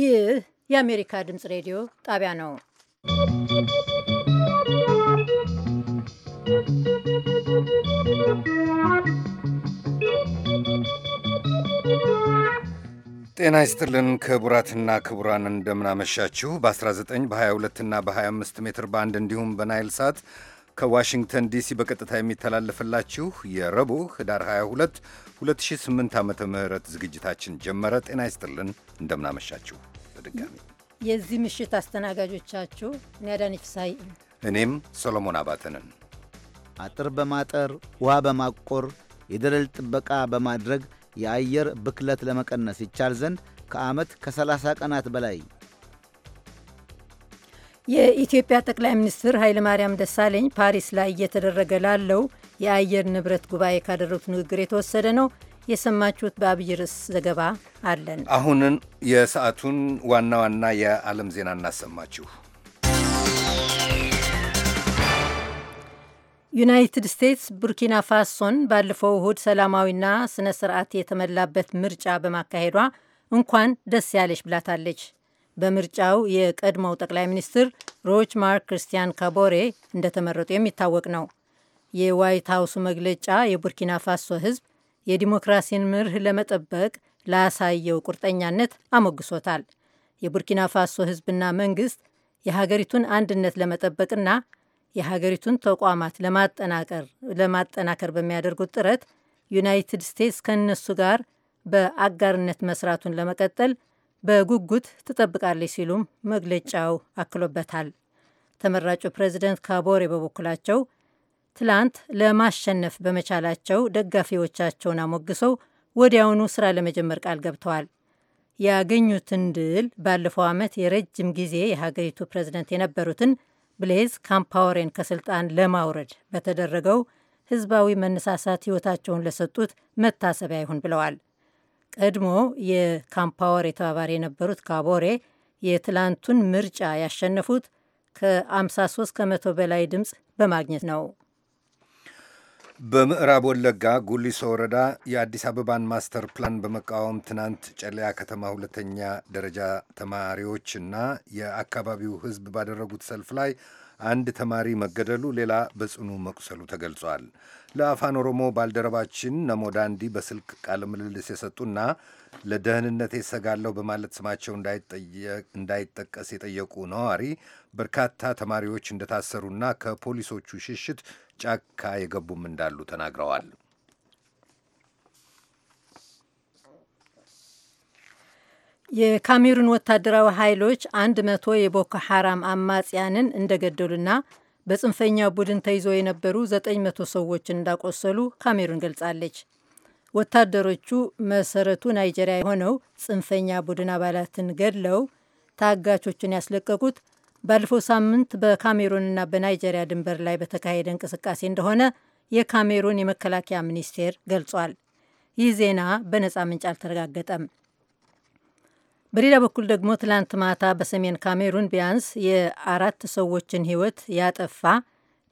ይህ የአሜሪካ ድምፅ ሬዲዮ ጣቢያ ነው። ጤና ይስጥልን ክቡራትና ክቡራን፣ እንደምናመሻችሁ በ19 በ22 እና በ25 ሜትር ባንድ እንዲሁም በናይል ሳት ከዋሽንግተን ዲሲ በቀጥታ የሚተላለፍላችሁ የረቡዕ ህዳር 22 2008 ዓ ም ዝግጅታችን ጀመረ። ጤና ይስጥልን፣ እንደምናመሻችሁ። በድጋሚ የዚህ ምሽት አስተናጋጆቻችሁ እኔ አዳነች ሳይ፣ እኔም ሰሎሞን አባተንን። አጥር በማጠር ውሃ በማቆር የደለል ጥበቃ በማድረግ የአየር ብክለት ለመቀነስ ይቻል ዘንድ ከዓመት ከ30 ቀናት በላይ የኢትዮጵያ ጠቅላይ ሚኒስትር ኃይለማርያም ደሳለኝ ፓሪስ ላይ እየተደረገ ላለው የአየር ንብረት ጉባኤ ካደረጉት ንግግር የተወሰደ ነው። የሰማችሁት በአብይ ርዕስ ዘገባ አለን። አሁንን የሰዓቱን ዋና ዋና የዓለም ዜና እናሰማችሁ። ዩናይትድ ስቴትስ ቡርኪና ፋሶን ባለፈው እሁድ ሰላማዊና ስነ ስርዓት የተመላበት ምርጫ በማካሄዷ እንኳን ደስ ያለች ብላታለች። በምርጫው የቀድሞው ጠቅላይ ሚኒስትር ሮች ማርክ ክርስቲያን ካቦሬ እንደተመረጡ የሚታወቅ ነው። የዋይት ሀውሱ መግለጫ የቡርኪና ፋሶ ህዝብ የዲሞክራሲን ምርህ ለመጠበቅ ላሳየው ቁርጠኛነት አሞግሶታል። የቡርኪና ፋሶ ህዝብና መንግስት የሀገሪቱን አንድነት ለመጠበቅና የሀገሪቱን ተቋማት ለማጠናከር በሚያደርጉት ጥረት ዩናይትድ ስቴትስ ከነሱ ጋር በአጋርነት መስራቱን ለመቀጠል በጉጉት ትጠብቃለች ሲሉም መግለጫው አክሎበታል። ተመራጩ ፕሬዚደንት ካቦሬ በበኩላቸው ትላንት ለማሸነፍ በመቻላቸው ደጋፊዎቻቸውን አሞግሰው ወዲያውኑ ስራ ለመጀመር ቃል ገብተዋል። ያገኙትን ድል ባለፈው ዓመት የረጅም ጊዜ የሀገሪቱ ፕሬዝደንት የነበሩትን ብሌዝ ካምፓወሬን ከስልጣን ለማውረድ በተደረገው ህዝባዊ መነሳሳት ህይወታቸውን ለሰጡት መታሰቢያ ይሁን ብለዋል። ቀድሞ የካምፓወር የተባባሪ የነበሩት ካቦሬ የትላንቱን ምርጫ ያሸነፉት ከ53 ከመቶ በላይ ድምፅ በማግኘት ነው። በምዕራብ ወለጋ ጉሊሶ ወረዳ የአዲስ አበባን ማስተር ፕላን በመቃወም ትናንት ጨለያ ከተማ ሁለተኛ ደረጃ ተማሪዎችና የአካባቢው ሕዝብ ባደረጉት ሰልፍ ላይ አንድ ተማሪ መገደሉ፣ ሌላ በጽኑ መቁሰሉ ተገልጿል። ለአፋን ኦሮሞ ባልደረባችን ነሞዳንዲ በስልክ ቃለ ምልልስ የሰጡና ለደህንነት እሰጋለሁ በማለት ስማቸው እንዳይጠቀስ የጠየቁ ነዋሪ በርካታ ተማሪዎች እንደታሰሩና ከፖሊሶቹ ሽሽት ጫካ የገቡም እንዳሉ ተናግረዋል። የካሜሩን ወታደራዊ ኃይሎች አንድ መቶ የቦኮ ሐራም አማጽያንን እንደገደሉና በጽንፈኛ ቡድን ተይዞ የነበሩ 900 ሰዎችን እንዳቆሰሉ ካሜሩን ገልጻለች። ወታደሮቹ መሰረቱ ናይጄሪያ የሆነው ጽንፈኛ ቡድን አባላትን ገድለው ታጋቾችን ያስለቀቁት ባለፈው ሳምንት በካሜሩንና በናይጄሪያ ድንበር ላይ በተካሄደ እንቅስቃሴ እንደሆነ የካሜሩን የመከላከያ ሚኒስቴር ገልጿል። ይህ ዜና በነፃ ምንጭ አልተረጋገጠም። በሌላ በኩል ደግሞ ትላንት ማታ በሰሜን ካሜሩን ቢያንስ የአራት ሰዎችን ሕይወት ያጠፋ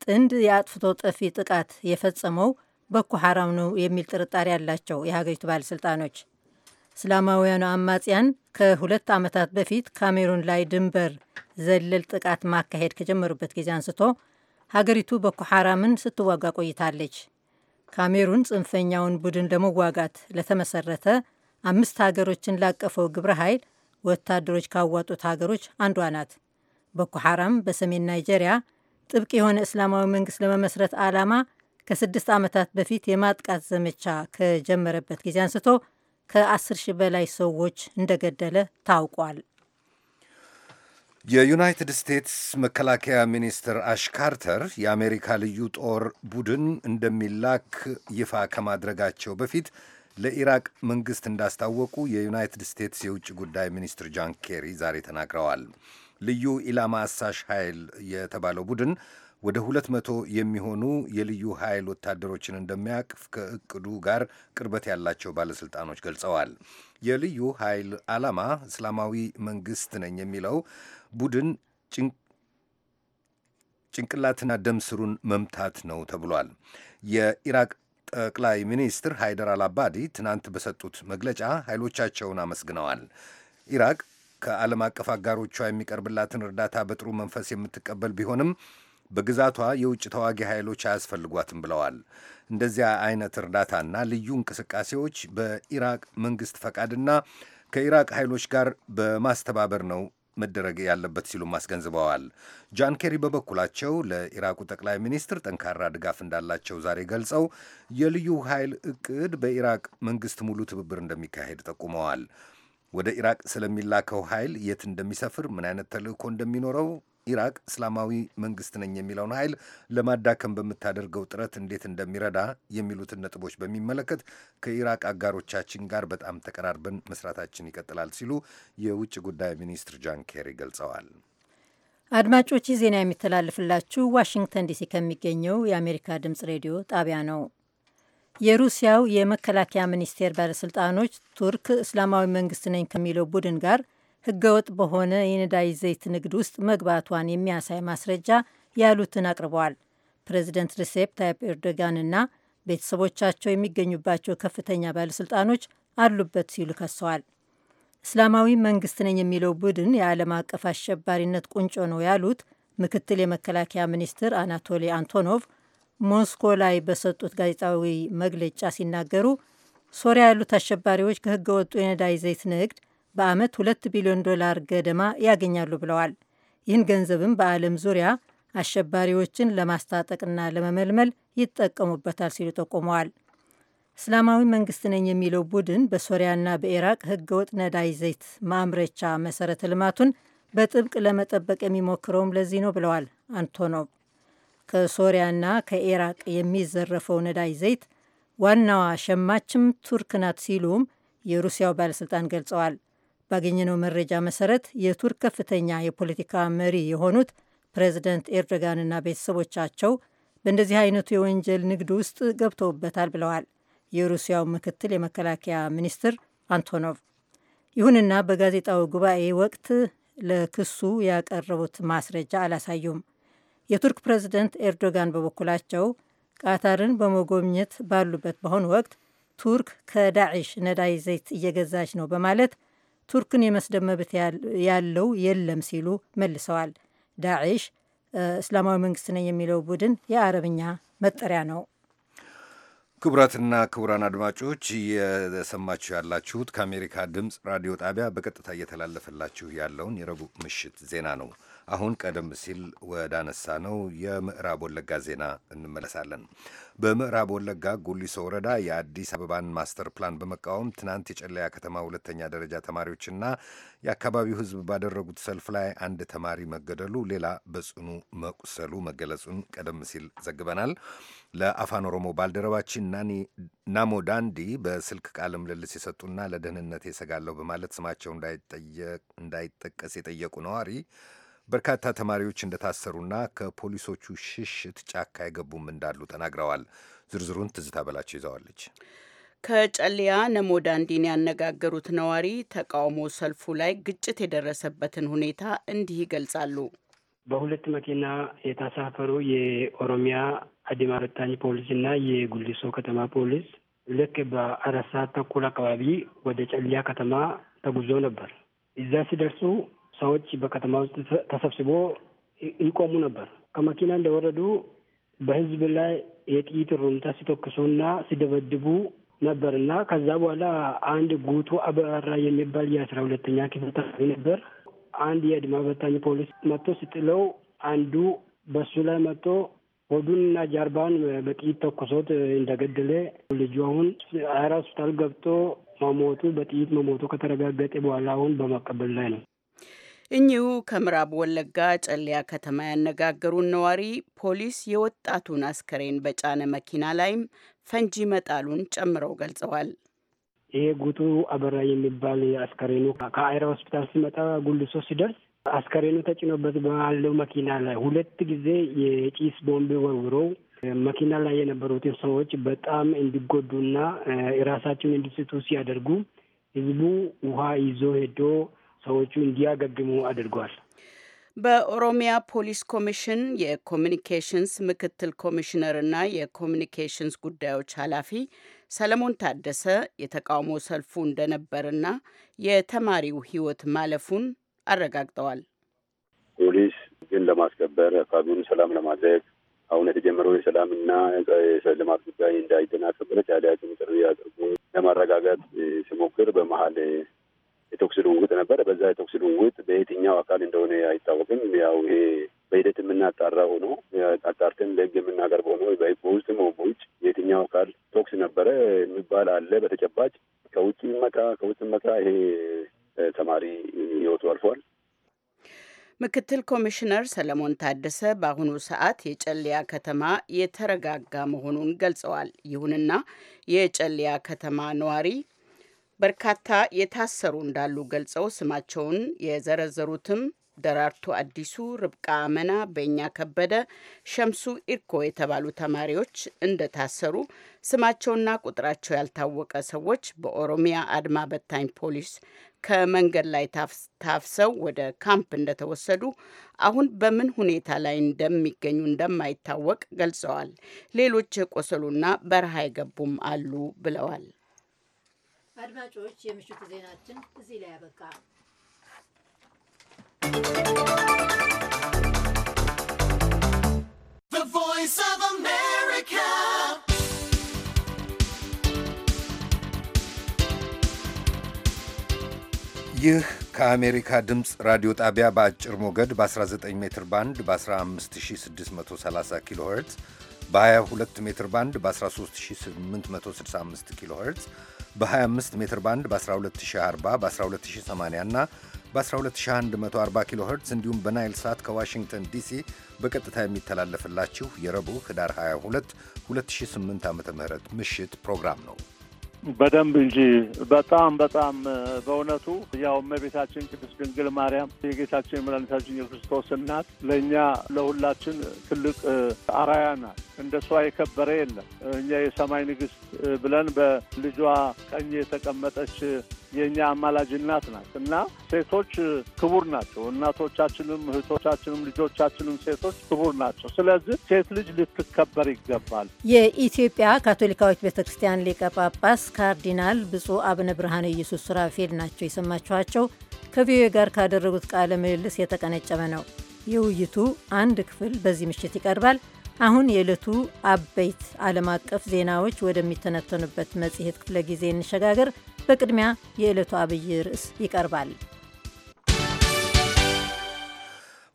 ጥንድ የአጥፍቶ ጠፊ ጥቃት የፈጸመው ቦኮ ሐራም ነው የሚል ጥርጣሬ ያላቸው የሀገሪቱ ባለሥልጣኖች እስላማውያኑ አማጽያን ከሁለት ዓመታት በፊት ካሜሩን ላይ ድንበር ዘለል ጥቃት ማካሄድ ከጀመሩበት ጊዜ አንስቶ ሀገሪቱ ቦኮ ሐራምን ስትዋጋ ቆይታለች። ካሜሩን ጽንፈኛውን ቡድን ለመዋጋት ለተመሰረተ አምስት ሀገሮችን ላቀፈው ግብረ ኃይል ወታደሮች ካዋጡት ሀገሮች አንዷ ናት። ቦኮ ሐራም በሰሜን ናይጄሪያ ጥብቅ የሆነ እስላማዊ መንግስት ለመመስረት ዓላማ ከስድስት ዓመታት በፊት የማጥቃት ዘመቻ ከጀመረበት ጊዜ አንስቶ ከአስር ሺህ በላይ ሰዎች እንደገደለ ታውቋል። የዩናይትድ ስቴትስ መከላከያ ሚኒስትር አሽ ካርተር የአሜሪካ ልዩ ጦር ቡድን እንደሚላክ ይፋ ከማድረጋቸው በፊት ለኢራቅ መንግስት እንዳስታወቁ የዩናይትድ ስቴትስ የውጭ ጉዳይ ሚኒስትር ጃን ኬሪ ዛሬ ተናግረዋል። ልዩ ኢላማ አሳሽ ኃይል የተባለው ቡድን ወደ ሁለት መቶ የሚሆኑ የልዩ ኃይል ወታደሮችን እንደሚያቅፍ ከእቅዱ ጋር ቅርበት ያላቸው ባለሥልጣኖች ገልጸዋል። የልዩ ኃይል ዓላማ እስላማዊ መንግስት ነኝ የሚለው ቡድን ጭንቅላትና ደም ስሩን መምታት ነው ተብሏል። የኢራቅ ጠቅላይ ሚኒስትር ሃይደር አልአባዲ ትናንት በሰጡት መግለጫ ኃይሎቻቸውን አመስግነዋል። ኢራቅ ከዓለም አቀፍ አጋሮቿ የሚቀርብላትን እርዳታ በጥሩ መንፈስ የምትቀበል ቢሆንም በግዛቷ የውጭ ተዋጊ ኃይሎች አያስፈልጓትም ብለዋል። እንደዚያ አይነት እርዳታና ልዩ እንቅስቃሴዎች በኢራቅ መንግሥት ፈቃድና ከኢራቅ ኃይሎች ጋር በማስተባበር ነው መደረግ ያለበት ሲሉም አስገንዝበዋል። ጃን ኬሪ በበኩላቸው ለኢራቁ ጠቅላይ ሚኒስትር ጠንካራ ድጋፍ እንዳላቸው ዛሬ ገልጸው የልዩ ኃይል እቅድ በኢራቅ መንግስት ሙሉ ትብብር እንደሚካሄድ ጠቁመዋል። ወደ ኢራቅ ስለሚላከው ኃይል የት እንደሚሰፍር፣ ምን አይነት ተልእኮ እንደሚኖረው ኢራቅ እስላማዊ መንግስት ነኝ የሚለውን ኃይል ለማዳከም በምታደርገው ጥረት እንዴት እንደሚረዳ የሚሉትን ነጥቦች በሚመለከት ከኢራቅ አጋሮቻችን ጋር በጣም ተቀራርበን መስራታችን ይቀጥላል ሲሉ የውጭ ጉዳይ ሚኒስትር ጃን ኬሪ ገልጸዋል። አድማጮች ዜና የሚተላለፍላችሁ ዋሽንግተን ዲሲ ከሚገኘው የአሜሪካ ድምጽ ሬዲዮ ጣቢያ ነው። የሩሲያው የመከላከያ ሚኒስቴር ባለስልጣኖች ቱርክ እስላማዊ መንግስት ነኝ ከሚለው ቡድን ጋር ህገወጥ በሆነ የነዳጅ ዘይት ንግድ ውስጥ መግባቷን የሚያሳይ ማስረጃ ያሉትን አቅርበዋል። ፕሬዚደንት ሪሴፕ ታይፕ ኤርዶጋንና ቤተሰቦቻቸው የሚገኙባቸው ከፍተኛ ባለሥልጣኖች አሉበት ሲሉ ከሰዋል። እስላማዊ መንግስት ነኝ የሚለው ቡድን የዓለም አቀፍ አሸባሪነት ቁንጮ ነው ያሉት ምክትል የመከላከያ ሚኒስትር አናቶሊ አንቶኖቭ ሞስኮ ላይ በሰጡት ጋዜጣዊ መግለጫ ሲናገሩ ሶሪያ ያሉት አሸባሪዎች ከህገ ወጡ የነዳጅ ዘይት ንግድ በዓመት ሁለት ቢሊዮን ዶላር ገደማ ያገኛሉ ብለዋል። ይህን ገንዘብም በዓለም ዙሪያ አሸባሪዎችን ለማስታጠቅና ለመመልመል ይጠቀሙበታል ሲሉ ጠቁመዋል። እስላማዊ መንግስት ነኝ የሚለው ቡድን በሶሪያና በኢራቅ ህገወጥ ነዳጅ ዘይት ማምረቻ መሰረተ ልማቱን በጥብቅ ለመጠበቅ የሚሞክረውም ለዚህ ነው ብለዋል አንቶኖቭ። ከሶሪያና ከኢራቅ የሚዘረፈው ነዳጅ ዘይት ዋናዋ ሸማችም ቱርክ ናት ሲሉም የሩሲያው ባለሥልጣን ገልጸዋል። ባገኘነው መረጃ መሰረት የቱርክ ከፍተኛ የፖለቲካ መሪ የሆኑት ፕሬዚደንት ኤርዶጋንና ቤተሰቦቻቸው በእንደዚህ አይነቱ የወንጀል ንግድ ውስጥ ገብተውበታል ብለዋል የሩሲያው ምክትል የመከላከያ ሚኒስትር አንቶኖቭ። ይሁንና በጋዜጣዊ ጉባኤ ወቅት ለክሱ ያቀረቡት ማስረጃ አላሳዩም። የቱርክ ፕሬዚደንት ኤርዶጋን በበኩላቸው ቃታርን በመጎብኘት ባሉበት በአሁኑ ወቅት ቱርክ ከዳዕሽ ነዳጅ ዘይት እየገዛች ነው በማለት ቱርክን የመስደብ መብት ያለው የለም ሲሉ መልሰዋል። ዳዕሽ እስላማዊ መንግስት ነኝ የሚለው ቡድን የአረብኛ መጠሪያ ነው። ክቡራትና ክቡራን አድማጮች እየሰማችሁ ያላችሁት ከአሜሪካ ድምፅ ራዲዮ ጣቢያ በቀጥታ እየተላለፈላችሁ ያለውን የረቡዕ ምሽት ዜና ነው። አሁን ቀደም ሲል ወዳነሳ ነው የምዕራብ ወለጋ ዜና እንመለሳለን። በምዕራብ ወለጋ ጉሊሶ ወረዳ የአዲስ አበባን ማስተር ፕላን በመቃወም ትናንት የጨለያ ከተማ ሁለተኛ ደረጃ ተማሪዎችና የአካባቢው ሕዝብ ባደረጉት ሰልፍ ላይ አንድ ተማሪ መገደሉ፣ ሌላ በጽኑ መቁሰሉ መገለጹን ቀደም ሲል ዘግበናል። ለአፋን ኦሮሞ ባልደረባችን ናሞ ዳንዲ በስልክ ቃለ ምልልስ የሰጡና ለደህንነት የሰጋለሁ በማለት ስማቸው እንዳይጠቀስ የጠየቁ ነዋሪ በርካታ ተማሪዎች እንደታሰሩና ከፖሊሶቹ ሽሽት ጫካ አይገቡም እንዳሉ ተናግረዋል። ዝርዝሩን ትዝታ በላቸው ይዘዋለች። ከጨሊያ ነሞዳንዲን ያነጋገሩት ነዋሪ ተቃውሞ ሰልፉ ላይ ግጭት የደረሰበትን ሁኔታ እንዲህ ይገልጻሉ። በሁለት መኪና የታሳፈሩ የኦሮሚያ አዲማ በታኝ ፖሊስ እና የጉሊሶ ከተማ ፖሊስ ልክ በአራት ሰዓት ተኩል አካባቢ ወደ ጨልያ ከተማ ተጉዞ ነበር። እዛ ሲደርሱ ሰዎች በከተማ ውስጥ ተሰብስቦ ይቆሙ ነበር። ከመኪና እንደወረዱ በህዝብ ላይ የጥይት ሩምታ ሲተኩሱና ሲደበድቡ ነበር እና ከዛ በኋላ አንድ ጉቱ አበራራ የሚባል የአስራ ሁለተኛ ክፍል ተማሪ ነበር። አንድ የአድማ በታኝ ፖሊስ መጥቶ ሲጥለው አንዱ በሱ ላይ መጥቶ ሆዱንና ጀርባን በጥይት ተኩሶት እንደገደለ ልጁ አሁን አራ ሆስፒታል ገብቶ መሞቱ በጥይት መሞቱ ከተረጋገጠ በኋላ አሁን በመቀበል ላይ ነው። እኚሁ ከምዕራብ ወለጋ ጨለያ ከተማ ያነጋገሩን ነዋሪ ፖሊስ የወጣቱን አስከሬን በጫነ መኪና ላይም ፈንጂ መጣሉን ጨምረው ገልጸዋል። ይሄ ጉቱ አበራ የሚባል አስከሬኑ ከአይራ ሆስፒታል ሲመጣ ጉልሶ ሲደርስ አስከሬኑ ተጭኖበት ባለው መኪና ላይ ሁለት ጊዜ የጭስ ቦምብ ወርውረው መኪና ላይ የነበሩትን ሰዎች በጣም እንዲጎዱና ራሳቸውን እንዲስቱ ሲያደርጉ ህዝቡ ውሃ ይዞ ሄዶ ሰዎቹ እንዲያገግሙ አድርጓል። በኦሮሚያ ፖሊስ ኮሚሽን የኮሚኒኬሽንስ ምክትል ኮሚሽነር ኮሚሽነርና የኮሚኒኬሽንስ ጉዳዮች ኃላፊ ሰለሞን ታደሰ የተቃውሞ ሰልፉ እንደነበርና የተማሪው ሕይወት ማለፉን አረጋግጠዋል። ፖሊስ ግን ለማስከበር አካባቢውን ሰላም ለማድረግ አሁን የተጀመረው የሰላምና የልማት ጉዳይ እንዳይደናቀፍ ያለያቸውን ጥሪ አድርጎ ለማረጋጋት ሲሞክር በመሀል የተኩስ ልውውጥ ነበር። በዛ የተኩስ ልውውጥ በየትኛው አካል እንደሆነ አይታወቅም። ያው ይሄ በሂደት የምናጣራ ሆኖ አጣርተን ለህግ የምናቀርበው ሆኖ በውስጥም ውጭ የትኛው አካል ቶክስ ነበረ የሚባል አለ። በተጨባጭ ከውጭ መጣ ከውጭ መጣ ይሄ ተማሪ ህይወቱ አልፏል። ምክትል ኮሚሽነር ሰለሞን ታደሰ በአሁኑ ሰዓት የጨለያ ከተማ የተረጋጋ መሆኑን ገልጸዋል። ይሁንና የጨሊያ ከተማ ነዋሪ በርካታ የታሰሩ እንዳሉ ገልጸው ስማቸውን የዘረዘሩትም ደራርቱ አዲሱ፣ ርብቃ አመና፣ በእኛ ከበደ፣ ሸምሱ ኢርኮ የተባሉ ተማሪዎች እንደታሰሩ ስማቸውና ቁጥራቸው ያልታወቀ ሰዎች በኦሮሚያ አድማ በታኝ ፖሊስ ከመንገድ ላይ ታፍሰው ወደ ካምፕ እንደተወሰዱ አሁን በምን ሁኔታ ላይ እንደሚገኙ እንደማይታወቅ ገልጸዋል። ሌሎች የቆሰሉና በረሃ አይገቡም አሉ ብለዋል። አድማጮች የምሽቱ ዜናችን እዚህ ላይ ያበቃ። ይህ ከአሜሪካ ድምፅ ራዲዮ ጣቢያ በአጭር ሞገድ በ19 ሜትር ባንድ በ15630 ኪሎ በ22 ሜትር ባንድ በ13865 ኪሎ በ25 ሜትር ባንድ በ12040 በ12080 እና በ12140 ኪሎ ሄርትዝ እንዲሁም በናይል ሳት ከዋሽንግተን ዲሲ በቀጥታ የሚተላለፍላችሁ የረቡዕ ህዳር 22 2008 ዓ ም ምሽት ፕሮግራም ነው። በደንብ እንጂ በጣም በጣም በእውነቱ ያው እመቤታችን ቅድስት ድንግል ማርያም የጌታችን መድኃኒታችን የክርስቶስ እናት ለእኛ ለሁላችን ትልቅ አራያ ናት። እንደ እሷ የከበረ የለም። እኛ የሰማይ ንግሥት ብለን በልጇ ቀኝ የተቀመጠች የእኛ አማላጅ እናት ናት እና ሴቶች ክቡር ናቸው። እናቶቻችንም፣ እህቶቻችንም፣ ልጆቻችንም ሴቶች ክቡር ናቸው። ስለዚህ ሴት ልጅ ልትከበር ይገባል። የኢትዮጵያ ካቶሊካዊት ቤተ ክርስቲያን ሊቀ ጳጳስ ካርዲናል ብፁዕ አቡነ ብርሃነ ኢየሱስ ሱራፌል ናቸው የሰማችኋቸው። ከቪኦኤ ጋር ካደረጉት ቃለ ምልልስ የተቀነጨበ ነው። የውይይቱ አንድ ክፍል በዚህ ምሽት ይቀርባል። አሁን የዕለቱ አበይት ዓለም አቀፍ ዜናዎች ወደሚተነተኑበት መጽሔት ክፍለ ጊዜ እንሸጋገር። በቅድሚያ የዕለቱ አብይ ርዕስ ይቀርባል።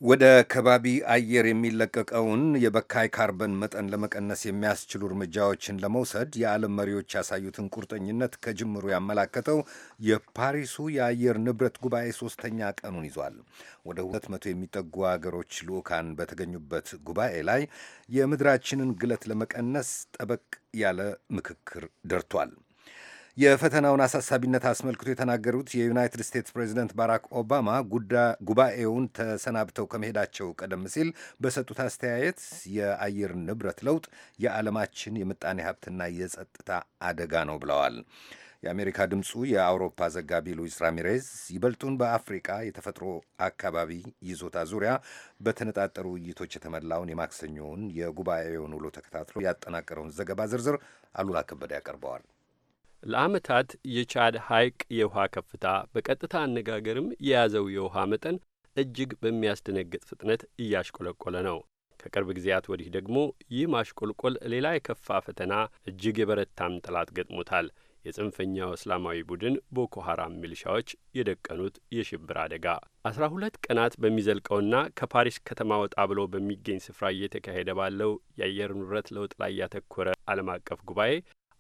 ወደ ከባቢ አየር የሚለቀቀውን የበካይ ካርበን መጠን ለመቀነስ የሚያስችሉ እርምጃዎችን ለመውሰድ የዓለም መሪዎች ያሳዩትን ቁርጠኝነት ከጅምሩ ያመላከተው የፓሪሱ የአየር ንብረት ጉባኤ ሶስተኛ ቀኑን ይዟል። ወደ ሁለት መቶ የሚጠጉ አገሮች ልዑካን በተገኙበት ጉባኤ ላይ የምድራችንን ግለት ለመቀነስ ጠበቅ ያለ ምክክር ደርቷል። የፈተናውን አሳሳቢነት አስመልክቶ የተናገሩት የዩናይትድ ስቴትስ ፕሬዚደንት ባራክ ኦባማ ጉባኤውን ተሰናብተው ከመሄዳቸው ቀደም ሲል በሰጡት አስተያየት የአየር ንብረት ለውጥ የዓለማችን የምጣኔ ሀብትና የጸጥታ አደጋ ነው ብለዋል። የአሜሪካ ድምፁ የአውሮፓ ዘጋቢ ሉዊስ ራሚሬዝ ይበልጡን በአፍሪቃ የተፈጥሮ አካባቢ ይዞታ ዙሪያ በተነጣጠሩ ውይይቶች የተሞላውን የማክሰኞውን የጉባኤውን ውሎ ተከታትሎ ያጠናቀረውን ዘገባ ዝርዝር አሉላ ከበደ ያቀርበዋል። ለዓመታት የቻድ ሐይቅ የውሃ ከፍታ በቀጥታ አነጋገርም የያዘው የውሃ መጠን እጅግ በሚያስደነግጥ ፍጥነት እያሽቆለቆለ ነው። ከቅርብ ጊዜያት ወዲህ ደግሞ ይህ ማሽቆልቆል ሌላ የከፋ ፈተና፣ እጅግ የበረታም ጠላት ገጥሞታል። የጽንፈኛው እስላማዊ ቡድን ቦኮ ሐራም ሚሊሻዎች የደቀኑት የሽብር አደጋ አስራ ሁለት ቀናት በሚዘልቀውና ከፓሪስ ከተማ ወጣ ብሎ በሚገኝ ስፍራ እየተካሄደ ባለው የአየር ንብረት ለውጥ ላይ ያተኮረ ዓለም አቀፍ ጉባኤ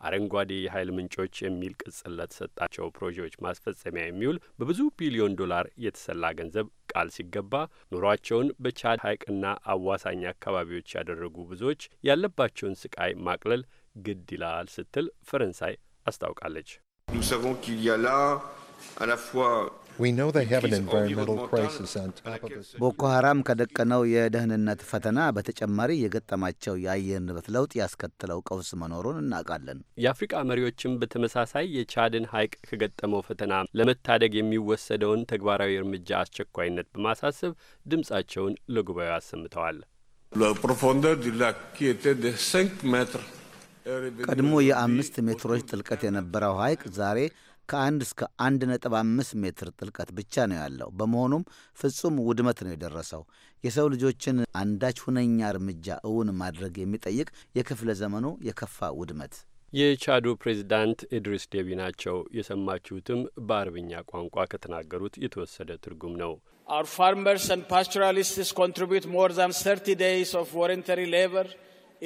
አረንጓዴ የኃይል ምንጮች የሚል ቅጽል ለተሰጣቸው ፕሮጀክቶች ማስፈጸሚያ የሚውል በብዙ ቢሊዮን ዶላር የተሰላ ገንዘብ ቃል ሲገባ ኑሯቸውን በቻድ ሐይቅና አዋሳኝ አካባቢዎች ያደረጉ ብዙዎች ያለባቸውን ስቃይ ማቅለል ግድ ይላል ስትል ፈረንሳይ አስታውቃለች። nous savons qu'il y a là à la fois ቦኮ ሐራም ከደቀነው የደህንነት ፈተና በተጨማሪ የገጠማቸው የአየር ንብረት ለውጥ ያስከትለው ቀውስ መኖሩን እናውቃለን። የአፍሪቃ መሪዎችም በተመሳሳይ የቻድን ሐይቅ ከገጠመው ፈተና ለመታደግ የሚወሰደውን ተግባራዊ እርምጃ አስቸኳይነት በማሳሰብ ድምጻቸውን ለጉባኤው አሰምተዋል። ቀድሞ የአምስት ሜትሮች ጥልቀት የነበረው ሐይቅ ዛሬ ከአንድ እስከ አንድ ነጥብ አምስት ሜትር ጥልቀት ብቻ ነው ያለው። በመሆኑም ፍጹም ውድመት ነው የደረሰው። የሰው ልጆችን አንዳች ሁነኛ እርምጃ እውን ማድረግ የሚጠይቅ የክፍለ ዘመኑ የከፋ ውድመት። የቻዱ ፕሬዚዳንት ኢድሪስ ዴቢ ናቸው። የሰማችሁትም በአረብኛ ቋንቋ ከተናገሩት የተወሰደ ትርጉም ነው። Our ፋርመርስ and pastoralists contribute more than 30 days of voluntary labor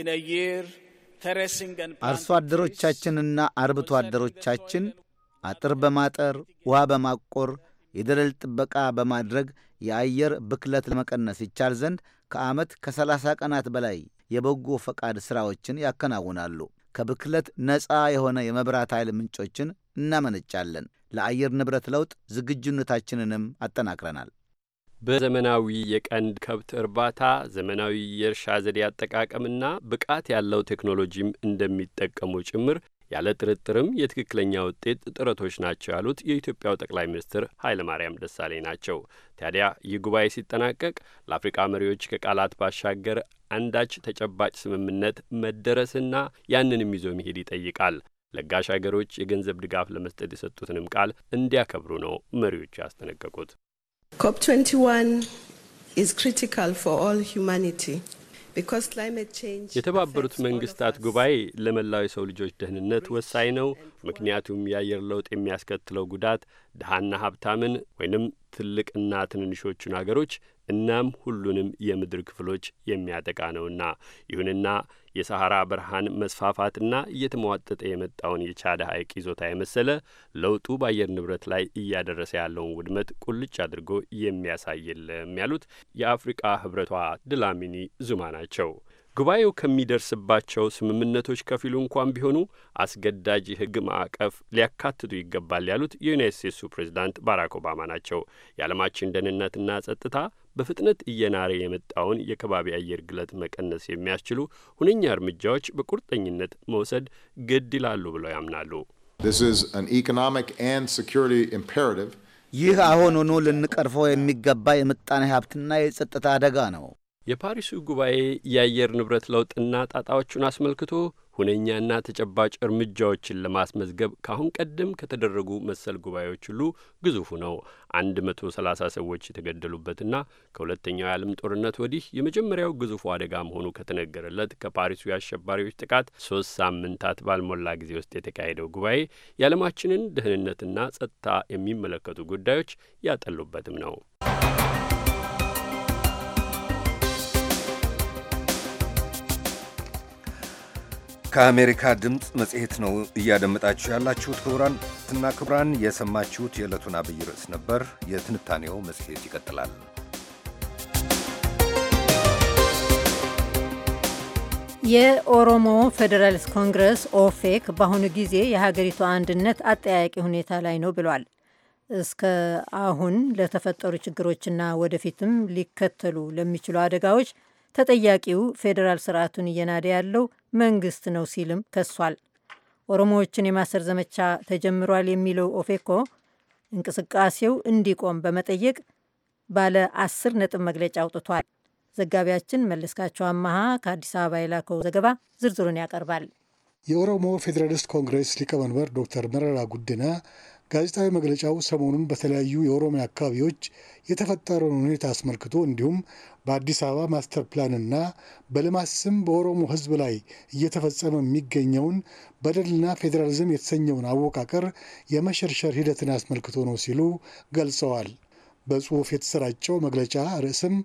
in a year አርሶ አደሮቻችንና አርብቶ አደሮቻችን አጥር በማጠር ውሃ በማቆር የደለል ጥበቃ በማድረግ የአየር ብክለት ለመቀነስ ይቻል ዘንድ ከዓመት ከ30 ቀናት በላይ የበጎ ፈቃድ ሥራዎችን ያከናውናሉ። ከብክለት ነፃ የሆነ የመብራት ኃይል ምንጮችን እናመነጫለን። ለአየር ንብረት ለውጥ ዝግጁነታችንንም አጠናክረናል። በዘመናዊ የቀንድ ከብት እርባታ፣ ዘመናዊ የእርሻ ዘዴ አጠቃቀምና ብቃት ያለው ቴክኖሎጂም እንደሚጠቀሙ ጭምር ያለ ጥርጥርም የትክክለኛ ውጤት ጥረቶች ናቸው ያሉት የኢትዮጵያው ጠቅላይ ሚኒስትር ኃይለማርያም ደሳለኝ ናቸው። ታዲያ ይህ ጉባኤ ሲጠናቀቅ ለአፍሪቃ መሪዎች ከቃላት ባሻገር አንዳች ተጨባጭ ስምምነት መደረስና ያንንም ይዞ መሄድ ይጠይቃል። ለጋሽ አገሮች የገንዘብ ድጋፍ ለመስጠት የሰጡትንም ቃል እንዲያከብሩ ነው መሪዎቹ ያስጠነቀቁት። ኮፕ 21 is critical የተባበሩት መንግስታት ጉባኤ ለመላው የሰው ልጆች ደህንነት ወሳኝ ነው። ምክንያቱም የአየር ለውጥ የሚያስከትለው ጉዳት ድሃና ሀብታምን ወይንም ትልቅና ትንንሾቹን አገሮች እናም ሁሉንም የምድር ክፍሎች የሚያጠቃ ነውና። ይሁንና የሰሐራ ብርሃን መስፋፋትና እየተሟጠጠ የመጣውን የቻደ ሐይቅ ይዞታ የመሰለ ለውጡ በአየር ንብረት ላይ እያደረሰ ያለውን ውድመት ቁልጭ አድርጎ የሚያሳይልም ያሉት የአፍሪቃ ህብረቷ ድላሚኒ ዙማ ናቸው። ጉባኤው ከሚደርስባቸው ስምምነቶች ከፊሉ እንኳን ቢሆኑ አስገዳጅ ህግ ማዕቀፍ ሊያካትቱ ይገባል ያሉት የዩናይት ስቴትሱ ፕሬዚዳንት ባራክ ኦባማ ናቸው። የዓለማችን ደህንነትና ጸጥታ በፍጥነት እየናረ የመጣውን የከባቢ አየር ግለት መቀነስ የሚያስችሉ ሁነኛ እርምጃዎች በቁርጠኝነት መውሰድ ግድ ይላሉ ብለው ያምናሉ። ይህ አሁኑኑ ልንቀርፈው የሚገባ የምጣኔ ሀብትና የጸጥታ አደጋ ነው። የፓሪሱ ጉባኤ የአየር ንብረት ለውጥና ጣጣዎቹን አስመልክቶ ሁነኛና ተጨባጭ እርምጃዎችን ለማስመዝገብ ከአሁን ቀደም ከተደረጉ መሰል ጉባኤዎች ሁሉ ግዙፉ ነው። አንድ መቶ ሰላሳ ሰዎች የተገደሉበትና ከሁለተኛው የዓለም ጦርነት ወዲህ የመጀመሪያው ግዙፉ አደጋ መሆኑ ከተነገረለት ከፓሪሱ የአሸባሪዎች ጥቃት ሶስት ሳምንታት ባልሞላ ጊዜ ውስጥ የተካሄደው ጉባኤ የዓለማችንን ደህንነትና ጸጥታ የሚመለከቱ ጉዳዮች ያጠሉበትም ነው። ከአሜሪካ ድምፅ መጽሔት ነው እያደመጣችሁ ያላችሁት። ክቡራንና ክቡራን የሰማችሁት የዕለቱን አብይ ርዕስ ነበር። የትንታኔው መጽሔት ይቀጥላል። የኦሮሞ ፌዴራሊስት ኮንግረስ ኦፌክ በአሁኑ ጊዜ የሀገሪቱ አንድነት አጠያቂ ሁኔታ ላይ ነው ብሏል። እስከ አሁን ለተፈጠሩ ችግሮችና ወደፊትም ሊከተሉ ለሚችሉ አደጋዎች ተጠያቂው ፌዴራል ስርዓቱን እየናደ ያለው መንግስት ነው ሲልም ከሷል። ኦሮሞዎችን የማሰር ዘመቻ ተጀምሯል የሚለው ኦፌኮ እንቅስቃሴው እንዲቆም በመጠየቅ ባለ አስር ነጥብ መግለጫ አውጥቷል። ዘጋቢያችን መለስካቸው አመሃ ከአዲስ አበባ የላከው ዘገባ ዝርዝሩን ያቀርባል። የኦሮሞ ፌዴራሊስት ኮንግሬስ ሊቀመንበር ዶክተር መረራ ጉዲና ጋዜጣዊ መግለጫው ሰሞኑን በተለያዩ የኦሮሚያ አካባቢዎች የተፈጠረውን ሁኔታ አስመልክቶ እንዲሁም በአዲስ አበባ ማስተር ፕላንና በልማት ስም በኦሮሞ ሕዝብ ላይ እየተፈጸመ የሚገኘውን በደልና ፌዴራሊዝም የተሰኘውን አወቃቀር የመሸርሸር ሂደትን አስመልክቶ ነው ሲሉ ገልጸዋል። በጽሑፍ የተሰራጨው መግለጫ ርዕስም